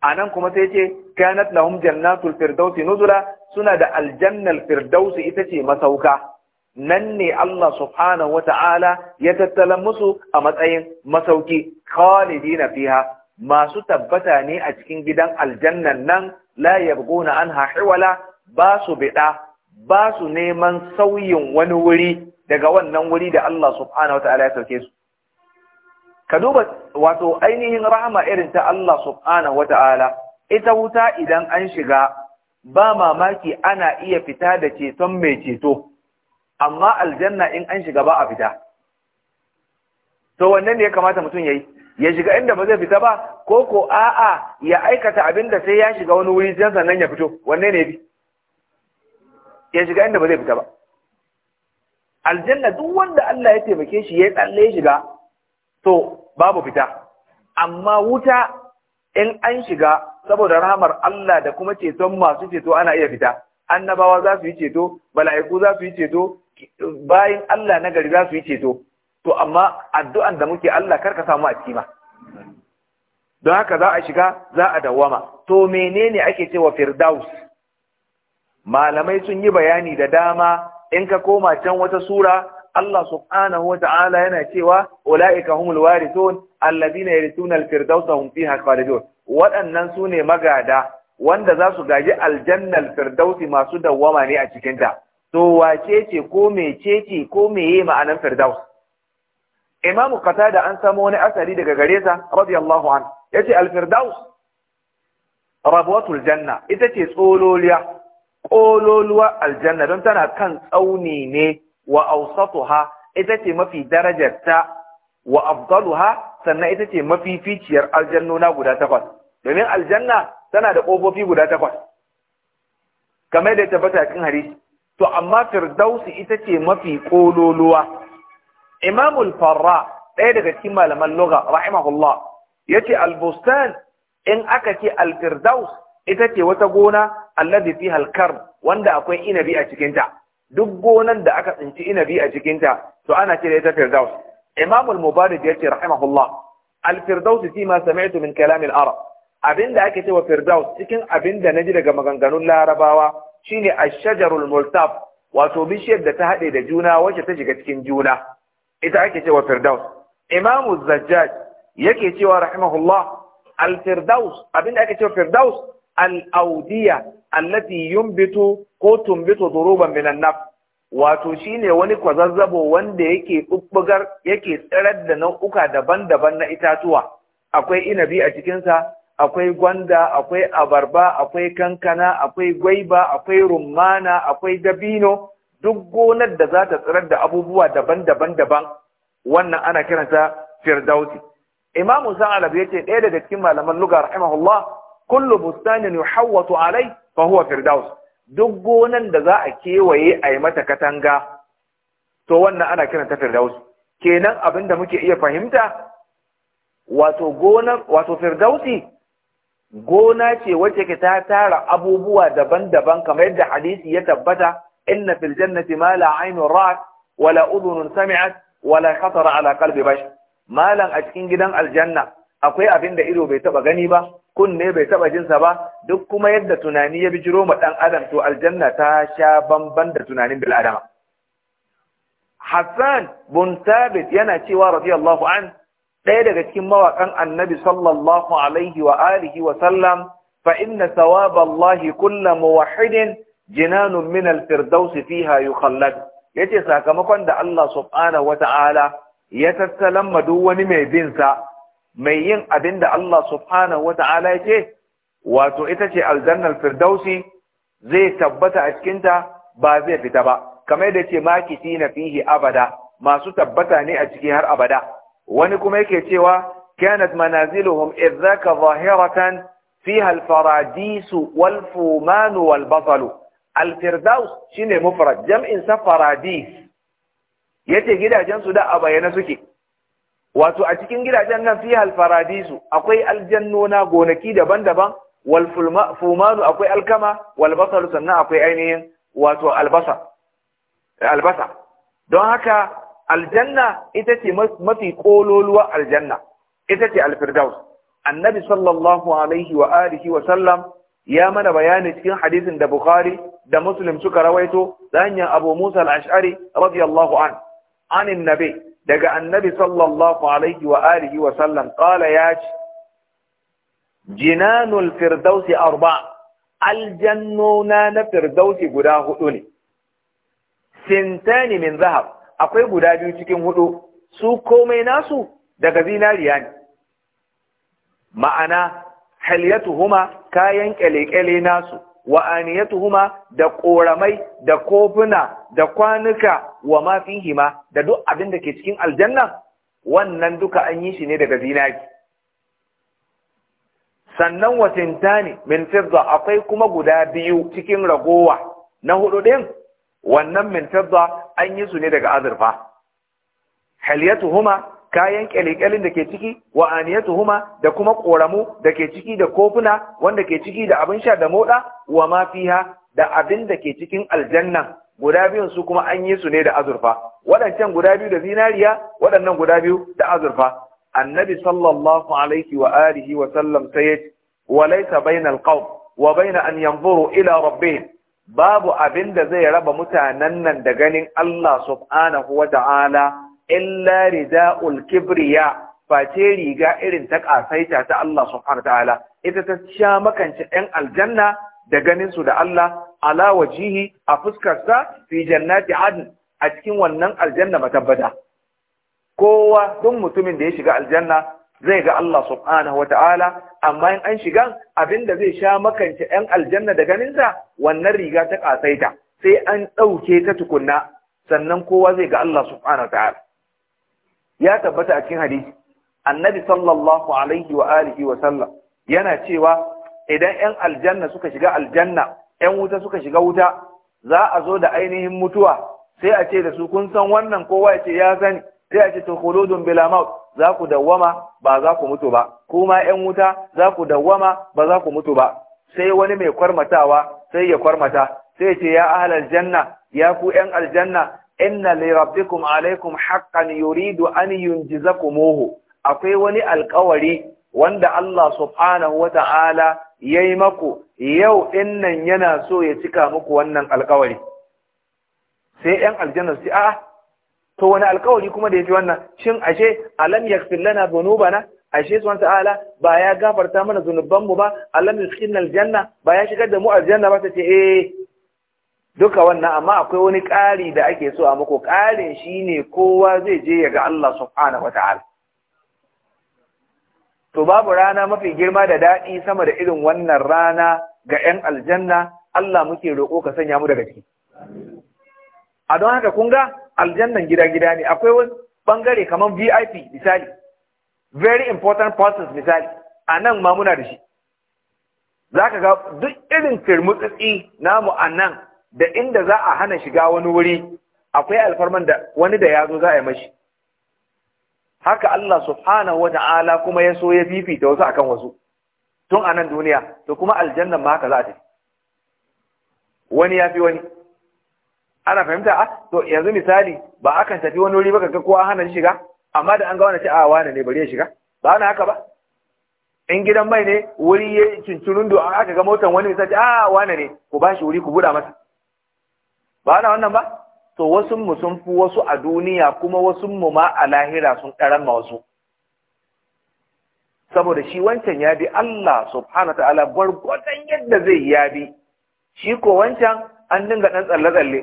Speaker 1: anan kuma sai yace kanat lahum jannatul firdausi nuzula suna da aljannal firdausi ita ce masauka nan ne Allah subhanahu wata'ala ya tattala musu a matsayin masauki khalidina fiha masu tabbata ne a cikin gidan aljannan nan la yabghuna anha hiwala ba su biɗa ba su neman sauyin wani wuri daga wannan wuri da Allah subhanahu wata'ala ya sauke su ka duba wato ainihin rahama irin ta Allah subhanahu wata'ala ita wuta idan an shiga ba mamaki ana iya fita da ceton mai ceto amma aljanna in an shiga ba a fita to wannan ne ya kamata mutum yayi ya shiga inda ba zai fita ba ko ko a'a ya aikata abin da sai ya shiga wani wuri sannan ya fito wanne ne bi ya shiga inda ba zai fita ba aljanna duk wanda Allah ya taimake shi ya tsalle ya shiga to babu fita amma wuta in an shiga saboda rahmar Allah da kuma ceton masu ceto ana iya fita annabawa za su yi ceto bala'iku za su yi ceto bayan Allah na gari za su yi ceto to amma addu'an da muke Allah karka samu a ciki don haka za a shiga za a dawwama to menene ake cewa firdaus malamai sun yi bayani da dama in ka koma can wata sura Allah subhanahu wata'ala yana cewa ulaika humul warithun alladhina yarithuna al-firdausa hum fiha khalidun waɗannan su ne magada wanda za su gaji aljannal firdausi masu dawwama ne a cikinta to wace ce ko me ce ko meye ma'anar firdaus imam qatada an samo wani asari daga gare sa radiyallahu an yace al-firdaus rabwatul janna ita ce tsololiya ƙololuwa aljanna don tana kan tsauni ne wa ausatuha ita ce mafi darajarta wa afdaluha sannan ita ce mafi ficiyar guda takwas domin aljanna tana da ƙofofi guda takwas kamar da tabbata hadisi to amma firdausi ita ce mafi ƙololuwa imamul farra ɗaya daga cikin malaman loga rahimahullah yace albustan in aka ce alfirdaus ita ce wata gona alladhi fiha al-karb wanda akwai inabi a cikin ta duk gonan da aka tsinci inabi a cikin ta to ana cire ta firdaus imam al-mubarak yace rahimahullah al-firdaus fi ma sami'tu min kalam al-arab abinda ake cewa firdaus cikin abinda naji daga maganganun larabawa shine ash-shajarul multaf wato bishiyar da ta hade da juna wacce ta shiga cikin juna ita ake cewa firdaus imam az-zajjaj yake cewa rahimahullah al-firdaus abinda ake cewa firdaus al-audiya allati yumbitu ko tumbitu duruban minan naf wato shine wani kwazazzabo wanda yake bubbugar yake tsirar da nau'uka daban-daban na itatuwa akwai inabi a cikinsa akwai gwanda akwai abarba akwai kankana akwai gwaiba akwai rummana akwai dabino duk gonar da za ta tsirar da abubuwa daban-daban daban wannan ana kiranta firdausi imamu sa'alab yace ɗaya daga cikin malaman lugha rahimahullah kullu bustanin yuhawwatu alai fa huwa firdaus duk gonan da za a kewaye a yi mata katanga to wannan ana kiran ta firdaus kenan abin da muke iya fahimta wato wato firdausi gona ce wacce ke ta tara abubuwa daban-daban kamar yadda hadisi ya tabbata inna fil jannati ma la aynun ra'at wala udhunun sami'at wala khatara ala qalbi bash malan a cikin gidan aljanna akwai abin da ido bai taba gani ba kunne bai taba jinsa ba duk kuma yadda tunani ya bijiro ma dan adam to aljanna ta sha bamban da tunanin bil adama Hassan bin Thabit yana cewa radiyallahu an ɗaya daga cikin mawaƙan annabi sallallahu alaihi wa alihi wa sallam fa inna thawaba Allah kullu muwahhidin jinanun min al-firdaus fiha yukhallad yace sakamakon da Allah subhanahu ya tattalan duk wani mai bin sa mai yin abin da Allah subhanahu wa ta'ala ya ce wato ita ce aljannar firdausi zai tabbata a cikinta ba zai fita ba kamar da ce makiti na fihi abada masu tabbata ne a ciki har abada wani kuma yake cewa kanat manaziluhum izaka zahiratan fiha alfaradis wal fuman wal al alfirdaus shine ne jam'in jam'insa faradis yace gidajensu da a bayyana suke wato a cikin gidajen nan fi alfaradisu akwai aljannona gonaki daban-daban wal akwai alkama wal basar sannan akwai ainihin wato albasa eh, albasa don haka aljanna ita ce mafi kololuwa aljanna ita ce alfirdaus annabi sallallahu alaihi wa alihi wa sallam ya mana bayani cikin hadisin da bukhari da muslim suka rawaito da hanyar abu musa al-ash'ari radiyallahu an anin nabi daga annabi sallallahu alaihi wa alihi wa sallam qala ya ce jinanul firdausi arba aljannuna na firdausi guda hudu ne sintani min zahab akwai guda biyu cikin hudu su komai nasu daga zinariya ne ma'ana halyatuhuma kayan kyale-kyale nasu wa aniyatuhuma da koramai da kofuna da kwanuka wa ma fihima da duk abin da ke cikin aljanna wannan duka an yi shi ne daga zinari sannan wasintani min fidda akwai kuma guda biyu cikin ragowa na hudu din wannan min fidda an yi su ne daga azurfa haliyatuhuma kayan kyalikyalin da ke ciki wa aniyatuhuma da kuma koramu da ke ciki da kofuna wanda ke ciki da abin sha da moda wa ma fiha da abin da ke cikin aljanna guda biyun su kuma an yi su ne da azurfa waɗancan guda biyu da zinariya waɗannan guda biyu da azurfa annabi sallallahu alaihi wa alihi wa sallam sai wa laysa bainal qawm wa bain an yanzuru ila rabbihim babu abin da zai raba mutanen nan da ganin Allah subhanahu wa ta'ala illa rida'ul kibriya face riga irin ta kasaita ta Allah subhanahu ta'ala ita ta sha makance ɗan aljanna da ganin su da Allah ala wajihi a fuskarsa fi jannati adn a cikin wannan aljanna matabbata kowa duk mutumin da ya shiga aljanna zai ga Allah subhanahu wata'ala amma in an shiga abinda zai sha makance ɗan aljanna da ganinsa wannan riga ta kasaita sai an ɗauke ta tukunna sannan kowa zai ga Allah subhanahu wata'ala ya tabbata a cikin hadisi annabi sallallahu alaihi wa alihi wa sallam yana cewa idan yan aljanna suka shiga aljanna yan wuta suka shiga wuta za a zo da ainihin mutuwa sai a ce da su kun san wannan kowa ya ce ya sani sai a ce to khuludun bila maut za ku dawwama ba za ku mutu ba kuma yan wuta za ku dawwama ba za ku mutu ba sai wani mai kwarmatawa sai ya kwarmata sai ce ya ahlal janna ya ku yan aljanna inna li rabbikum alaikum haqqan yuridu an yunjizakumuhu akwai wani alƙawari wanda Allah subhanahu wata'ala yayi maku yau innan yana so ya cika muku wannan alƙawari sai 'yan aljanna su a'a to wani alƙawari kuma da yafi wannan shin ashe alam yaghfir lana dhunubana ashe subhanahu ta'ala ba ya gafarta mana zunubanmu ba alam yuskinna aljanna ba ya shigar da mu aljanna ba ta ce eh duka wannan amma akwai wani ƙari da ake so a muku ƙarin shi ne kowa zai je ya ga Allah subhanahu wa ta'ala to babu rana mafi girma da daɗi sama da irin wannan rana ga 'yan aljanna Allah muke roƙo ka sanya mu daga ciki a don haka kun ga aljannan gida-gida ne akwai wani ɓangare kamar VIP misali very important process misali a nan ma muna da shi za ka ga duk irin firmutsatsi namu a nan da inda za a hana shiga wani wuri akwai alfarman da wani da ya zo za a yi mashi haka Allah subhanahu wa ta'ala kuma ya so ya fifita wasu akan wasu tun a nan duniya to kuma aljannan ma haka za a tafi wani ya fi wani ana fahimta a ah, to yanzu misali ba akan tafi wani wuri ba ga kowa hana shiga amma da an ga wani ce a ah, wani ne bari ya shiga ba ana haka ba in gidan mai ne wuri ya cincirin do aka ga motan wani misali a ah, wani ne ku ba shi wuri ku buɗa masa ba na wannan ba to wasu mu sun fi wasu a duniya kuma wasu mu ma a lahira sun ɗaran ma wasu saboda shi wancan ya bi Allah subhanahu wa ta'ala gwargwadon yadda zai ya bi shi ko wancan an dinga ɗan tsalle-tsalle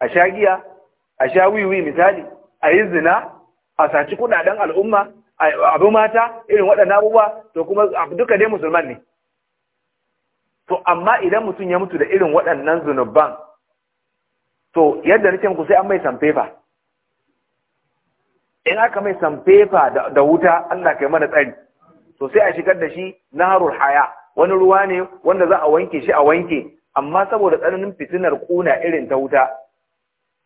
Speaker 1: a sha giya a sha wiwi misali a yi zina a saci kudaden al'umma abu mata irin waɗannan abubuwa to kuma duka dai musulman ne to amma idan mutum ya mutu da irin waɗannan zunuban to yadda nake muku sai an mai sanfefa in aka mai sanfefa da wuta Allah kai mana tsari to sai a shigar da shi naharul haya wani ruwa ne wanda za a wanke shi a wanke amma saboda tsananin fitinar kuna irin ta wuta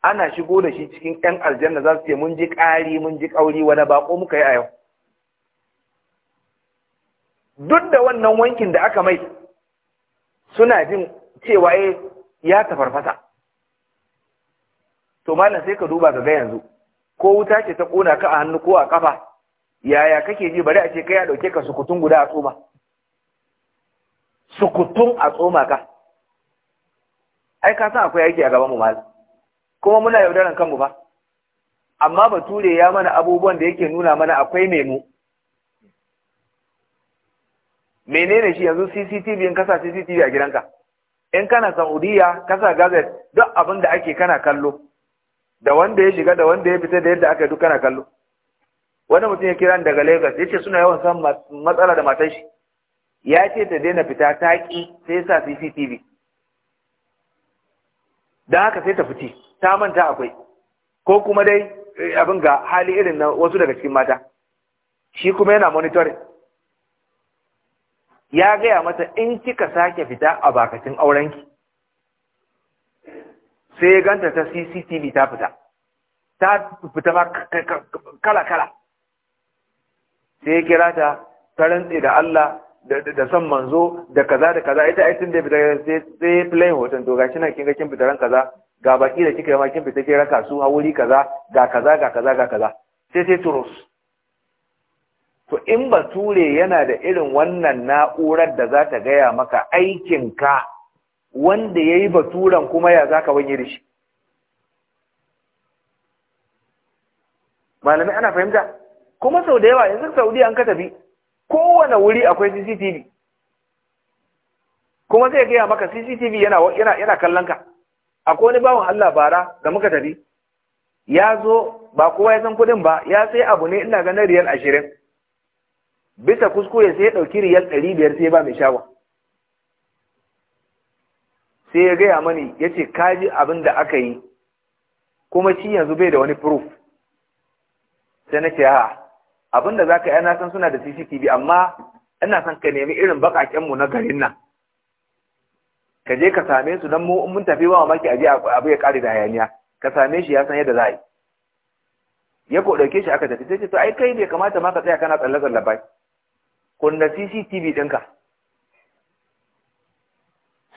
Speaker 1: ana shigo da shi cikin ƴan aljanna za su ce mun ji ƙari mun ji ƙauri wani baƙo muka yi a yau duk da wannan wankin da aka mai suna jin cewa eh, ya tafarfasa to malam sai ka duba ka ga yanzu ko wuta ce ta kona ka a hannu ko a kafa yaya kake ji bari a ce kai ya dauke ka sukutun guda a tsoma sukutun a tsoma ka ai ka san akwai aiki a gaban mu malam kuma muna yaudaran kanmu ba amma bature ya mana abubuwan da yake nuna mana akwai mu menene shi yanzu CCTV in kasa CCTV a gidanka in kana Saudiya kasa gazet duk abin da ake kana kallo da wanda ya shiga da wanda ya fita da yadda aka yi, dukkan kallo wani mutum ya kira daga Lagos ya ce suna yawan san matsala da matan shi ya ce ta daina fita ta ƙi sai sa CCTV don haka sai ta fiti ta manta akwai ko kuma dai eh, abin ga hali irin na wasu daga cikin mata shi kuma yana monitoring ya gaya mata in kika sake fita a bakacin aurenki sai ganta ta cctv ta fita ta fita ma kala-kala sai ya kira ta ta rantse da Allah da son manzo da kaza da kaza ita aitin da fita sai ya filayin hoton to gashi na kin ga kin fitaran kaza ga baki da kika yi ma kin fita kin raka su a wuri kaza ga kaza ga kaza ga kaza sai sai turus to in bature yana da irin wannan na'urar da za ta gaya maka aikinka wanda ya yi baturan kuma ya zaka ka da shi malami ana fahimta kuma sau da yawa yanzu saudi an ka tafi kowane wuri akwai cctv kuma zai gaya maka cctv yana kallon ka akwai wani bawan allah bara da muka tafi ya zo ba kowa ya san kudin ba ya sai abu ne ina ganin riyal ashirin bisa kuskure sai ya ɗauki riyal ɗari biyar sai ba mai shawa. sai ya gaya mani ya ce kaji abin da aka yi kuma shi yanzu bai da wani proof sai na ce ha abin da za ka yi san suna da cctv amma ina son ka nemi irin bakakenmu na garin nan ka je ka same su don mun tafi ba mamaki a je abu ya kare da hayaniya ka same shi ya san yadda za a yi ya ko ɗauke shi aka tafi sai ce to ai kai bai kamata ma ka tsaya kana tsalle-tsalle ba kunna cctv ɗinka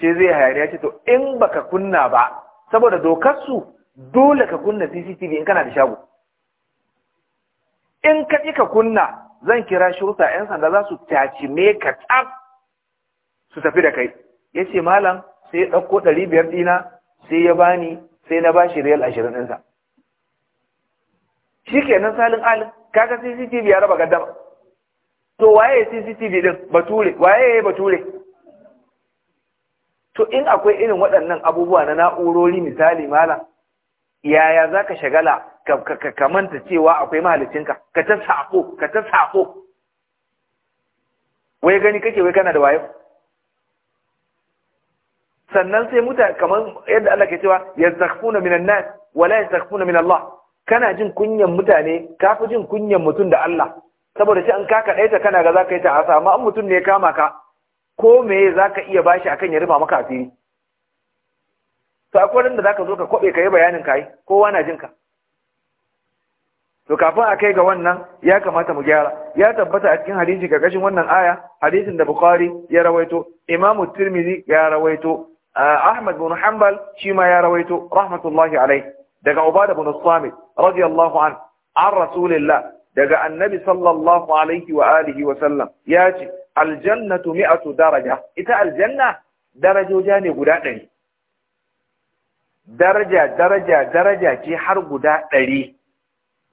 Speaker 1: sai zai hayaniya ce to in baka kunna ba saboda dokar su dole ka kunna CCTV in kana da shago in ka ka kunna zan kira shurta yan sanda za su taci me ka tsaf su tafi da kai ya ce malam sai ya ɗauko ɗari biyar ɗina sai ya bani sai na bashi riyal ashirin ɗinsa shi ke nan salin alin kaga cctv ya raba gaddama to waye cctv ɗin bature waye ya bature to in akwai irin waɗannan abubuwa na na'urori misali mala yaya za ka shagala ka manta cewa akwai mahalicinka ka ta saƙo ka ta saƙo wai gani kake wai kana da wayo sannan sai muta kamar yadda Allah ke cewa yastakhfuna minan nas wala yastakhfuna min Allah kana jin kunyan mutane kafi jin kunyan mutum da Allah saboda shi an ka kaɗai ta kana ga za ka yi ta asa amma an mutum ne ya kama ka ko me za ka iya bashi akan ya rufa maka asiri to akwai wanda za ka zo ka kobe ka yi bayanin ka yi kowa na jinka to kafin a kai ga wannan ya kamata mu gyara ya tabbata a cikin hadisi gagashin wannan aya hadisin da bukhari ya rawaito imam tirmidhi ya rawaito ahmad bin hanbal shi ma ya rawaito rahmatullahi alai daga ubada bin samit radiyallahu an an rasulillah daga annabi sallallahu alaihi wa alihi wa sallam ya ce aljannatu mi'atu daraja ita aljanna darajoja ne guda ɗari daraja daraja daraja ce har guda ɗari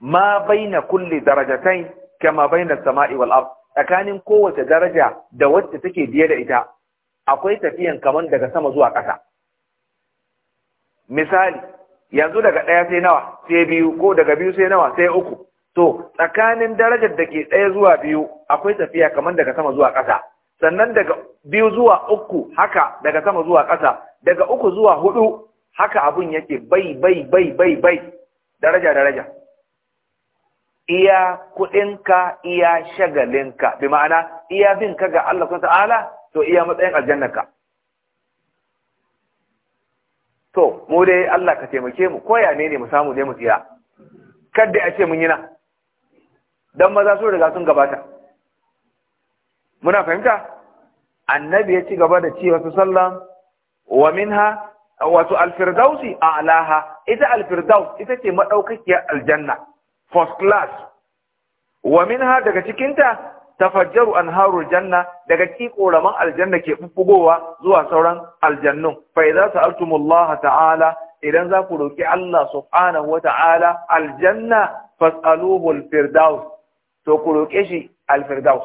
Speaker 1: ma baina kulli darajatain kama baina sama'i wal ard tsakanin kowace daraja da wacce take biye da ita akwai tafiyan kaman daga sama zuwa ƙasa misali yanzu daga ɗaya sai nawa sai biyu ko daga biyu sai nawa sai uku to tsakanin darajar da ke ɗaya zuwa biyu akwai tafiya kamar daga sama zuwa ƙasa sannan daga biyu zuwa uku haka daga sama zuwa ƙasa daga uku zuwa hudu haka abun yake bai bai bai bai bai daraja daraja iya kuɗinka iya shagalinka bi ma'ana iya bin ka ga Allah subhanahu ta'ala to iya matsayin aljannarka to mu dai Allah ka taimake mu koya ne ne mu samu dai mu tsira kada a ce mun yi na dan maza sun riga sun gabata muna fahimta annabi ya ci gaba da cewa wasu sallan wa minha wato alfirdausi a'laha ita alfirdaus ita ce madaukakiyar aljanna first class wa minha daga cikinta tafajjaru anharul janna daga ci koraman aljanna ke bubbugowa zuwa sauran aljannun fa idza sa'altumullaha ta'ala idan za ku roki Allah subhanahu wata'ala aljanna fas'aluhu alfirdaus to ku roƙe shi alfirdaus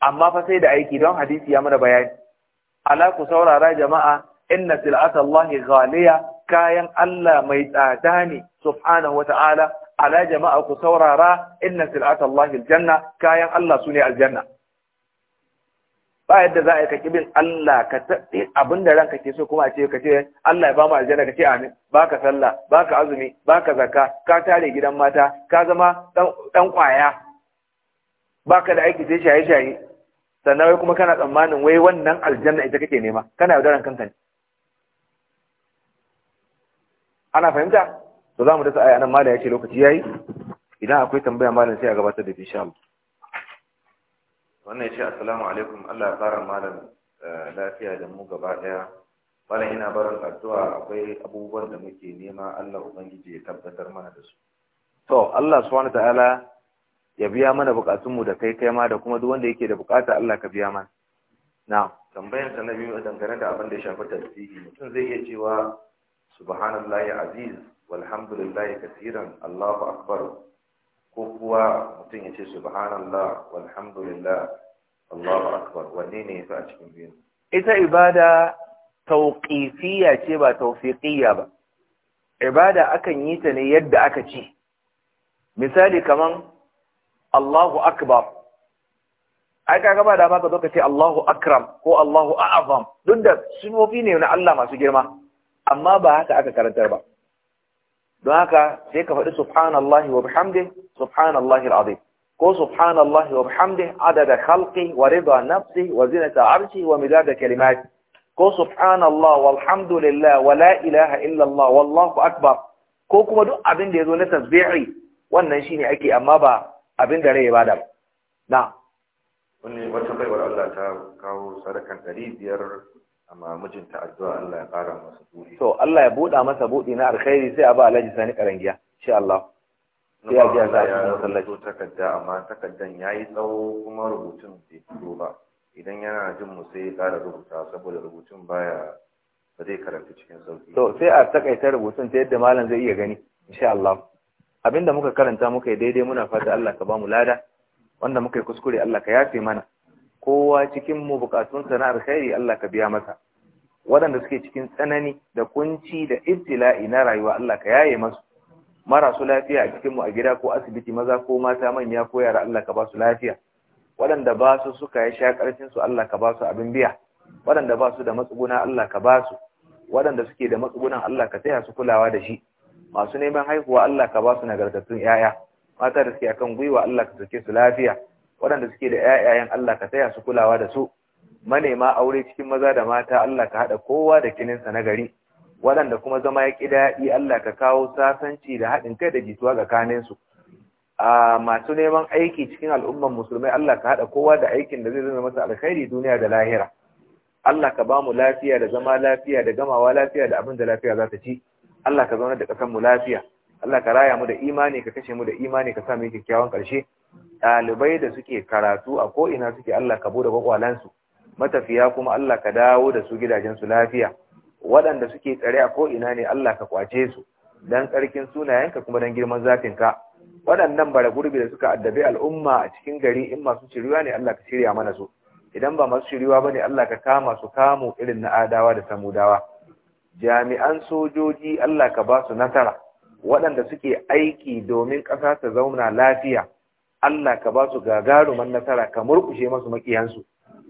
Speaker 1: amma fa sai da aiki don hadisi ya mana bayani ala ku saurara jama'a inna sil'ata Allah ghaliya kayan Allah mai tsada ne subhanahu wata'ala ala jama'a ku saurara inna sil'ata Allah aljanna kayan Allah sune aljanna ba yadda za a yi ka kibin Allah ka taɗi abin da ranka ke so kuma a ce ka ce Allah ya ba mu aljanna ka ce amin ba ka sallah ba ka azumi ba ka zaka ka tare gidan mata ka zama ɗan ƙwaya ba ka da aiki sai shaye shaye sannan wai kuma kana tsammanin wai wannan aljanna ita kake nema kana yaudaran kanka ne ana fahimta to za mu dasa aya nan da ya ce lokaci ya yi? idan akwai tambaya malam sai a gabatar da insha Allah
Speaker 2: wannan ce assalamu alaikum Allah ya fara malam eh, lafiya da mu gaba daya malam ina barin addu'a akwai abubuwan da muke nema Allah ubangiji ya tabbatar mana da su to Allah subhanahu ta'ala ya biya mana
Speaker 1: bukatun mu da kai kai ma da kuma duk wanda yake da bukata Allah ka biya mana na
Speaker 2: tambayar ta na biyu dangane da abin da ya shafi tasbihi mutum zai iya cewa subhanallahi aziz walhamdulillahi kaseeran Allahu akbar ko kuwa mutum ya ce subhanallah walhamdulillah Allahu akbar wanne ne yafi a cikin biyu
Speaker 1: ita ibada tauqifiyya ce ba tawfiqiyya ba ibada akan yi ta ne yadda aka ci. misali kaman Allahu akbar ai kaga ba da ma ka zo ka ce Allahu akram ko Allahu "Azam". duk da sunofi ne na Allah masu girma amma ba haka aka karantar ba don haka sai ka faɗi subhanallahi wa bihamdi subhanallahi al'azim ko subhanallahi wa bihamdi adada khalqi wa rida nafsi wa zinata arshi wa midada kalimati ko subhanallah walhamdulillah wa la ilaha illa Allah wallahu akbar ko kuma duk abin da yazo na tasbihi wannan shine ake amma ba abin da rai ya bada na
Speaker 2: wani wata baiwar Allah ta kawo sadakan 500 amma mijinta addu'a Allah ya ƙara masa buɗi
Speaker 1: to Allah ya buɗa masa buɗi na alkhairi sai a
Speaker 2: ba Alhaji Sani karangiya insha Allah
Speaker 3: sai a ji a sa cikin masallaci
Speaker 2: takarda amma takardan yayi tsawo kuma rubutun bai fito ba idan yana jin mu sai ya ƙara rubuta saboda rubutun baya ba zai karanta cikin sauki to sai a
Speaker 1: takaita rubutun ta yadda malam zai iya gani insha Allah abinda muka karanta muka yi daidai muna fata Allah ka ba mu lada wanda muka yi kuskure Allah ka yafe mana kowa cikin mu bukatunsa na alkhairi Allah ka biya masa waɗanda suke cikin tsanani da kunci da ibtila'i na rayuwa Allah ka yaye masu marasu lafiya a cikin mu a gida ko asibiti maza ko mata manya ko yara Allah ka ba su lafiya waɗanda ba su suka ya sha ƙarfin su Allah ka ba su abin biya waɗanda ba su da matsuguna Allah ka ba su waɗanda suke da matsugunan Allah ka taya su kulawa da shi masu neman haihuwa Allah ka ba su nagartattun 'ya'ya mata da suke akan gwiwa Allah ka sauke su lafiya waɗanda suke da ƴaƴayen Allah ka tsaya su kulawa da su manema aure cikin maza da mata Allah ka haɗa kowa da kininsa na gari waɗanda kuma zama ya daɗi, Allah ka kawo sasanci da haɗin kai da jituwa tsakanin su a masu neman aiki cikin al'umman musulmai Allah ka haɗa kowa da aikin da zai zama masa alkhairi duniya da lahira Allah ka ba mu lafiya da zama lafiya da gamawa lafiya da abin da lafiya za ta ci Allah ka zauna da ƙasar mu lafiya Allah ka raya mu da imani ka kashe mu da imani ka sa mu kyakkyawan karshe ɗalibai da suke karatu a ko ina suke Allah ka bude kwakwalansu matafiya kuma Allah ka dawo da su gidajen su lafiya waɗanda suke tsare a ko ina ne Allah ka kwace su dan tsarkin sunayenka kuma dan girman zafin ka. waɗannan bara gurbi da suka addabi al'umma a cikin gari in masu shiriwa ne Allah ka shirya mana su idan ba masu shiriwa ba ne Allah ka kama su kamo irin na adawa da samudawa jami'an sojoji Allah ka ba su nasara waɗanda suke aiki domin ƙasa ta zauna lafiya Allah ka ba su gagaruman nasara ka murƙushe masu makiyansu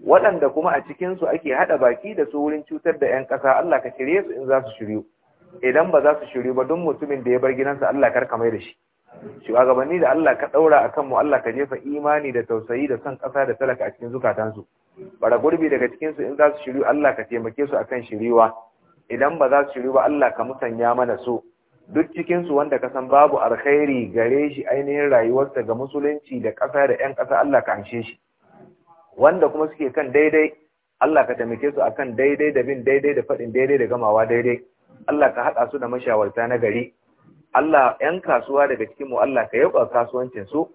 Speaker 1: waɗanda kuma a cikinsu ake haɗa baki da su wurin cutar da 'yan ƙasa Allah ka shirye su in za su shiryu idan ba za su shiryu ba don mutumin da ya bar gidansa Allah kar ka mai da shi shugabanni da Allah ka ɗaura a kanmu Allah ka jefa imani da tausayi da son ƙasa da talaka a cikin zukatansu bara gurbi daga cikinsu in za su shiryu Allah ka taimake su akan shiryuwa idan ba za su shiryu ba Allah ka musanya mana su duk cikinsu wanda ka san babu alkhairi gare shi ainihin rayuwarsa ga musulunci da ƙasa da 'yan ƙasa Allah ka anshe shi wanda kuma suke kan daidai Allah ka taimake su a kan daidai da bin daidai da faɗin daidai da gamawa daidai Allah ka haɗa su da mashawarta na gari Allah 'yan kasuwa daga cikinmu Allah ka yauka kasuwancin su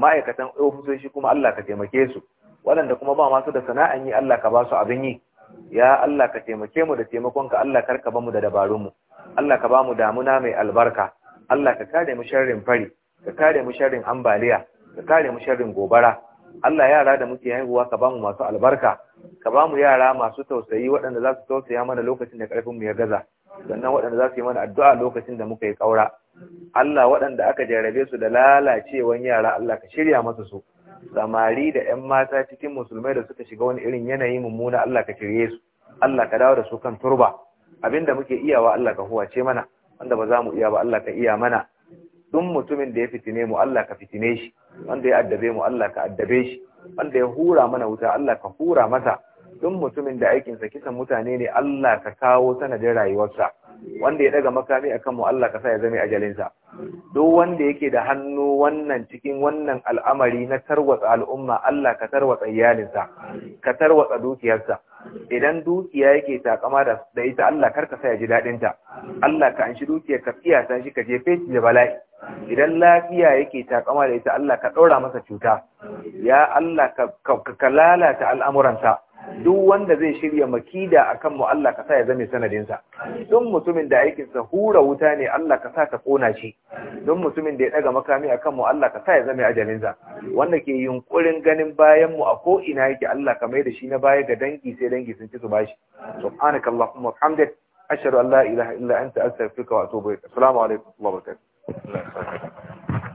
Speaker 1: ma'aikatan ofisoshi kuma Allah ka taimake su waɗanda kuma ba masu da sana'an yi Allah ka ba su abin yi ya Allah ka taimake mu da taimakon ka Allah karka ba mu da dabarun mu Allah ka bamu damuna mai albarka Allah ka kare mu sharrin fari ka kare mu sharrin ambaliya ka kare mu sharrin gobara Allah yara da muke haihuwa ka bamu masu albarka ka bamu yara masu tausayi waɗanda za su tausaya mana lokacin da ƙarfin mu ya gaza sannan waɗanda za su yi mana addu'a lokacin da muka yi ƙaura Allah waɗanda aka jarrabe su da lalacewan yara Allah ka shirya masa su samari da 'yan mata cikin musulmai da suka shiga wani irin yanayi mummuna Allah ka shirye su Allah ka dawo da su kan turba abinda muke iyawa Allah ka huwace mana wanda ba za mu iya ba Allah ka iya mana duk mutumin da ya fitine mu Allah ka fitine shi wanda ya addabe mu Allah ka addabe shi wanda ya hura mana wuta Allah ka hura masa duk mutumin da aikinsa kisan mutane ne Allah ka kawo sanadin rayuwarsa wanda ya daga makami akan mu Allah ka sa ya zame ajalinsa duk wanda yake da hannu wannan cikin wannan al'amari na tarwatsa al'umma Allah ka tarwatsa iyalinsa ka tarwatsa dukiyarsa idan dukiya yake takama da ita Allah kar ka sa ya ji dadin ta Allah ka anshi dukiyar ka san shi ka jefe shi da bala'i idan lafiya yake takama da ita Allah ka ɗaura masa cuta ya Allah ka lalata al'amuransa duk wanda zai shirya makida akan mu Allah ka sa ya zame sanadinsa don mutumin da aikinsa hura wuta ne Allah ka sa ka kona shi don mutumin da ya daga makami akan mu Allah ka sa ya zame ajalinsa wanda ke yunkurin ganin bayan a ko'ina ina yake Allah ka mai da shi na baya ga dangi sai dangi sun ci su bashi subhanaka allahumma hamdak ashhadu an la ilaha illa anta astaghfiruka wa atubu ilaik assalamu alaikum wa
Speaker 3: barakatuh